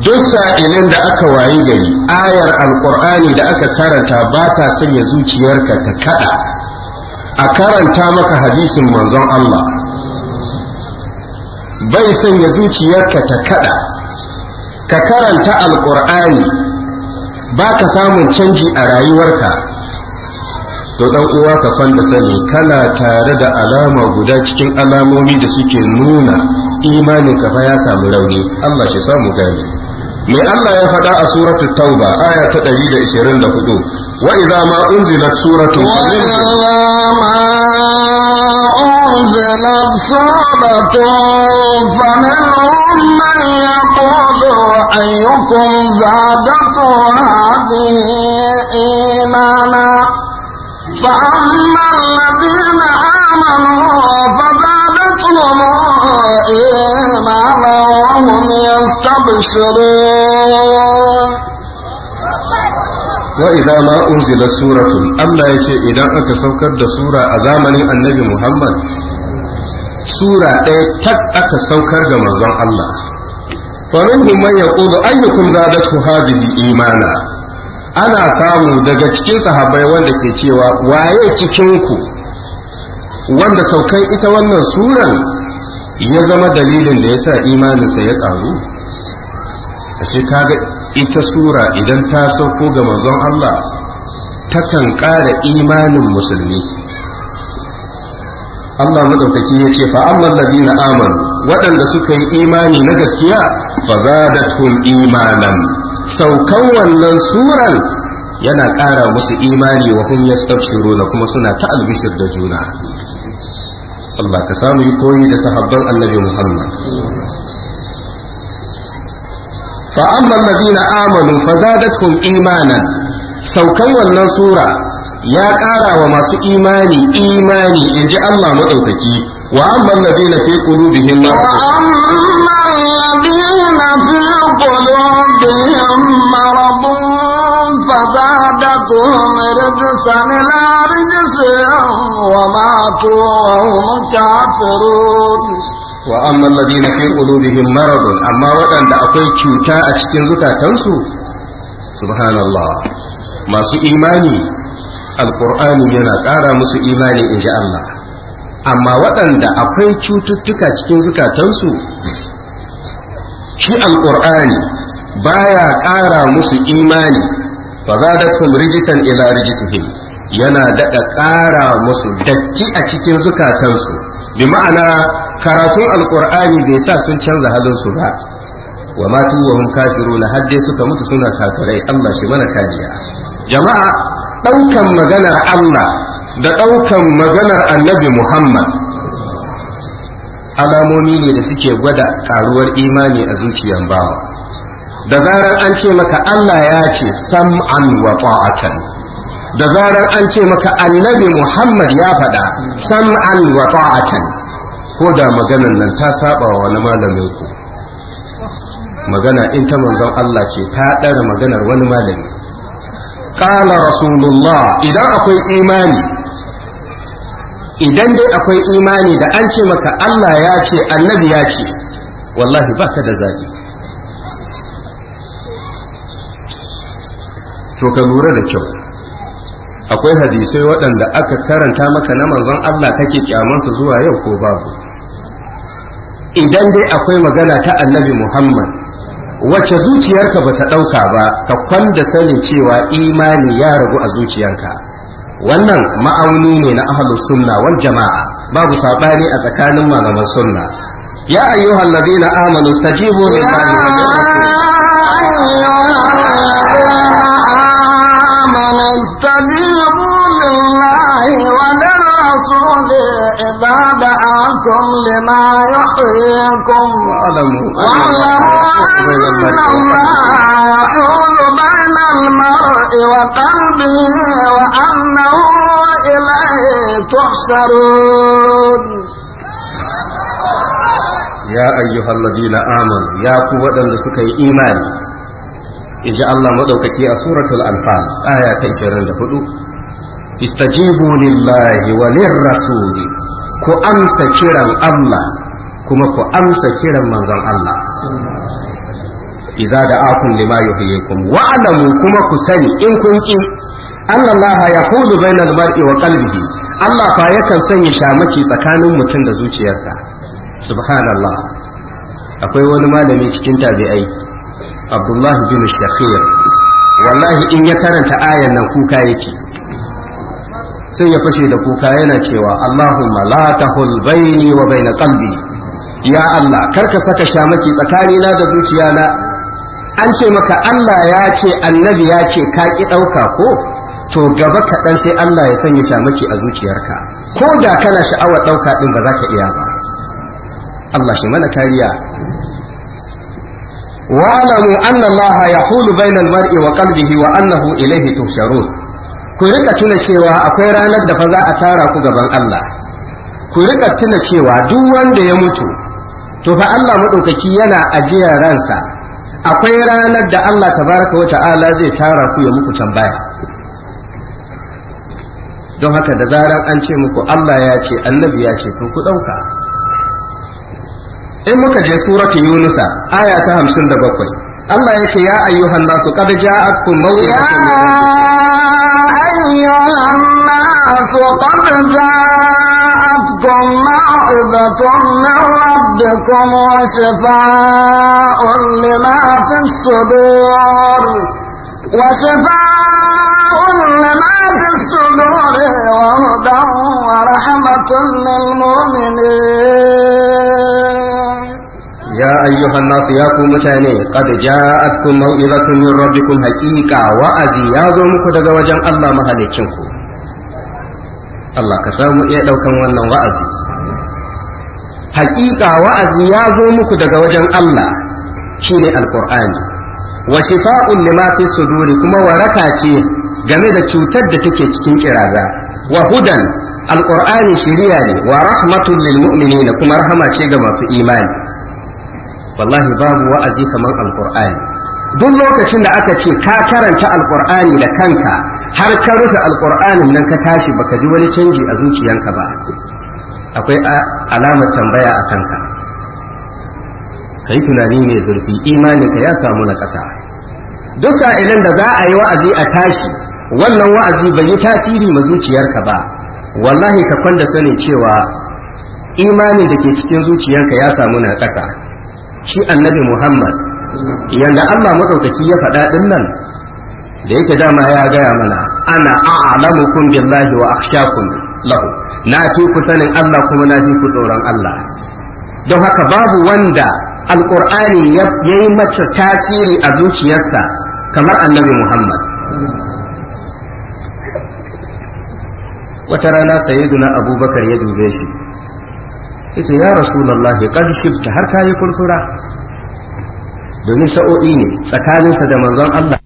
duk sa'ilin da aka wayi gari ayar alkur'ani da aka karanta ba ta sanya zuciyarka ta kada a karanta maka hadisin manzon Allah bai sanya zuciyarka ta kada ka karanta alkur'ani ba ka samun canji a rayuwarka to dan uwa ka kwanta sani kana tare da alama guda cikin alamomi da suke nuna imanin kafa ya samu rauni Allah shi samu gani me Allah ya faɗa a suratul tauba aya ta 124 wa idza ma unzilat suratun wa idza ma unzilat suratun faminhum man yaqulu ayyukum zadatu hadhihi imana فأما الذين آمنوا فزادتهم إيمانا وهم يستبشرون وإذا ما أنزلت سورة idan aka saukar da sura a zamanin annabi Muhammad, sura ɗaya tak aka saukar ga manzon Allah faminhum man yaqulu ayyukum zadathu hadhihi imana ana samu daga cikin sahabbai wanda ke cewa waye cikin ku wanda saukan ita wannan suran ya zama dalilin da ya sa imaninsa ya ƙaru a kaga ita sura idan ta sauko ga manzon Allah takan ƙara imanin musulmi Allah madaukaki ya ce fa'amman na amanu waɗanda suka yi imani na gaskiya fa tun imanan saukan wannan suran yana ƙara musu imani wa hum yastabshiruna kuma suna ta albishir da juna الله كسام يكوي ده صحابه النبي محمد فاما الذين امنوا فزادتهم ايمانا سو سوكي والنصورة يا قارا وما سو ايماني ايماني ان جاء الله مدوكي واما الذين في قلوبهم واما الذين في قلوبهم مرض فزادتهم رجسا إلى رجسهم وماتوا وهم كافرون wa amman ladina fi qulubihim maradun amma waɗanda akwai cuta a cikin zukatansu subhanallah masu imani alqur'ani yana ƙara musu imani inji Allah amma waɗanda akwai cututtuka cikin zukatansu shi alqur'ani baya ƙara musu imani fa zadatum rijisan ila rijisihim yana daɗa ƙara musu datti a cikin zukatansu bi ma'ana karatun alƙur'ani bai sa sun canza halinsu ba wa matu wa hum kafiruna har dai suka mutu suna kafirai Allah shi mana kariya jama'a ɗaukan maganar Allah da ɗaukan maganar annabi Muhammad alamomi ne da suke gwada ƙaruwar imani a zuciyar bawa da zarar an ce maka Allah ya ce sam'an wa ta'atan da zarar an ce maka annabi Muhammad ya faɗa sam'an wa ta'atan ko da maganan nan ta saba wa wani malamin ku magana in ta manzon Allah ce ta ɗara maganar wani malami qala rasulullah idan akwai imani idan dai akwai imani da an ce maka Allah ya ce annabi ya ce wallahi baka da zabi to ka lura da kyau akwai hadisai waɗanda aka karanta maka na manzon Allah kake kyamansa zuwa yau ko babu idan dai akwai magana ta annabi Muhammad wacce zuciyarka ba ta ɗauka ba ka kwanda sanin cewa imani ya ragu a zuciyarka wannan ma'auni ne na ahlus sunna wal jama'a babu saɓani a tsakanin malaman sunna ya ayyuhal ladina amanu stajibu lillahi wa فاستجيبوا لله وللرسول إذا دعاكم لما يحييكم واعلموا أن الله يحول بين المرء وقلبه وأنه إليه تحشرون يا أيها الذين آمنوا يا قوة لسكي إيماني in ji Allah maɗaukaki a suratul anfal aya ta 24 istajibu lillahi wa lirrasuli ku amsa kiran Allah kuma ku amsa kiran manzon Allah iza da akun lima yuhyikum wa alamu kuma ku sani in kun ki Allah la yahulu bainal mar'i wa qalbihi Allah fa yakan sanya shamaki tsakanin mutum da zuciyarsa subhanallah akwai wani malami cikin tabi'ai abdullah bin shakir wallahi in ya karanta ayan nan kuka yake sai ya fashe da kuka yana cewa allahumma la tahul baini wa baina qalbi ya allah karka saka shamaki na da zuciya na. an ce maka Allah ya ce annabi ya ce ka ki ɗauka ko to gaba kaɗan sai Allah ya sanya shamaki a zuciyarka ko da kana sha'awar ɗauka ɗin ba za ka iya ba Allah shi mana kariya wa'lamu anna الله يحول bainal mar'i wa qalbihi wa annahu ilaihi ku rika tuna cewa akwai ranar da fa za a tara ku gaban Allah ku rika tuna cewa duk wanda ya mutu to fa Allah madaukaki yana ajiya ransa akwai ranar da Allah tabaraka wa ta'ala zai tara ku ya muku tambaya don haka da zarar an ce muku Allah ya ce annabi ya ce to ku dauka in muka je suratu yunusa aya ta hamsin da bakwai Allah ya ce ya ayyuhan nasu qad ja'akum maw'izatun ya ayyuhan nasu qad ja'atkum maw'izatun min rabbikum wa shifaa'un lima fi sudur wa shifaa'un lima fi sudur wa hudan wa rahmatun lil mu'minin ayyuhan nasu ya ku mutane qad ja'atkum mau'izatun min rabbikum haqiqa wa'azi ya zo muku daga wajen Allah mahalicin ku Allah ka samu iya daukan wannan wa'azi haqiqa wa'azi ya zo muku daga wajen Allah shine alqur'ani wa shifa'un lima fi suduri kuma waraka ce game da cutar da take cikin kiraza wa hudan alqur'ani shiriya ne wa rahmatul lil da kuma rahama ce ga masu imani wallahi babu wa'azi kamar alqur'ani duk lokacin da aka ce ka karanta alkur'ani da kanka har ka rufe alqur'anin nan ka tashi baka ji wani canji a zuciyanka ba akwai alamar tambaya a kanka ka tunani mai zurfi ka ya samu na ƙasa duk sa'ilin da za a yi wa'azi a tashi wannan wa'azi bai yi tasiri ma zuciyarka ba wallahi ka kwanda sanin cewa imanin da ke cikin zuciyarka ya samu na ƙasa shi annabi muhammad yanda allah maɗaukaki ya faɗa din nan da yake dama ya gaya mana ana a'lamukum billahi wa akhshakum lahu na fi ku sanin allah kuma na fi ku tsoron allah don haka babu wanda alkur'ani ya yi mace tasiri a zuciyarsa kamar annabi muhammad wata rana sayyiduna abubakar ya dube shi ita ya rasulallahi qad shibta har kayi kurkura domin sa'o'i ne tsakaninsa da manzon Allah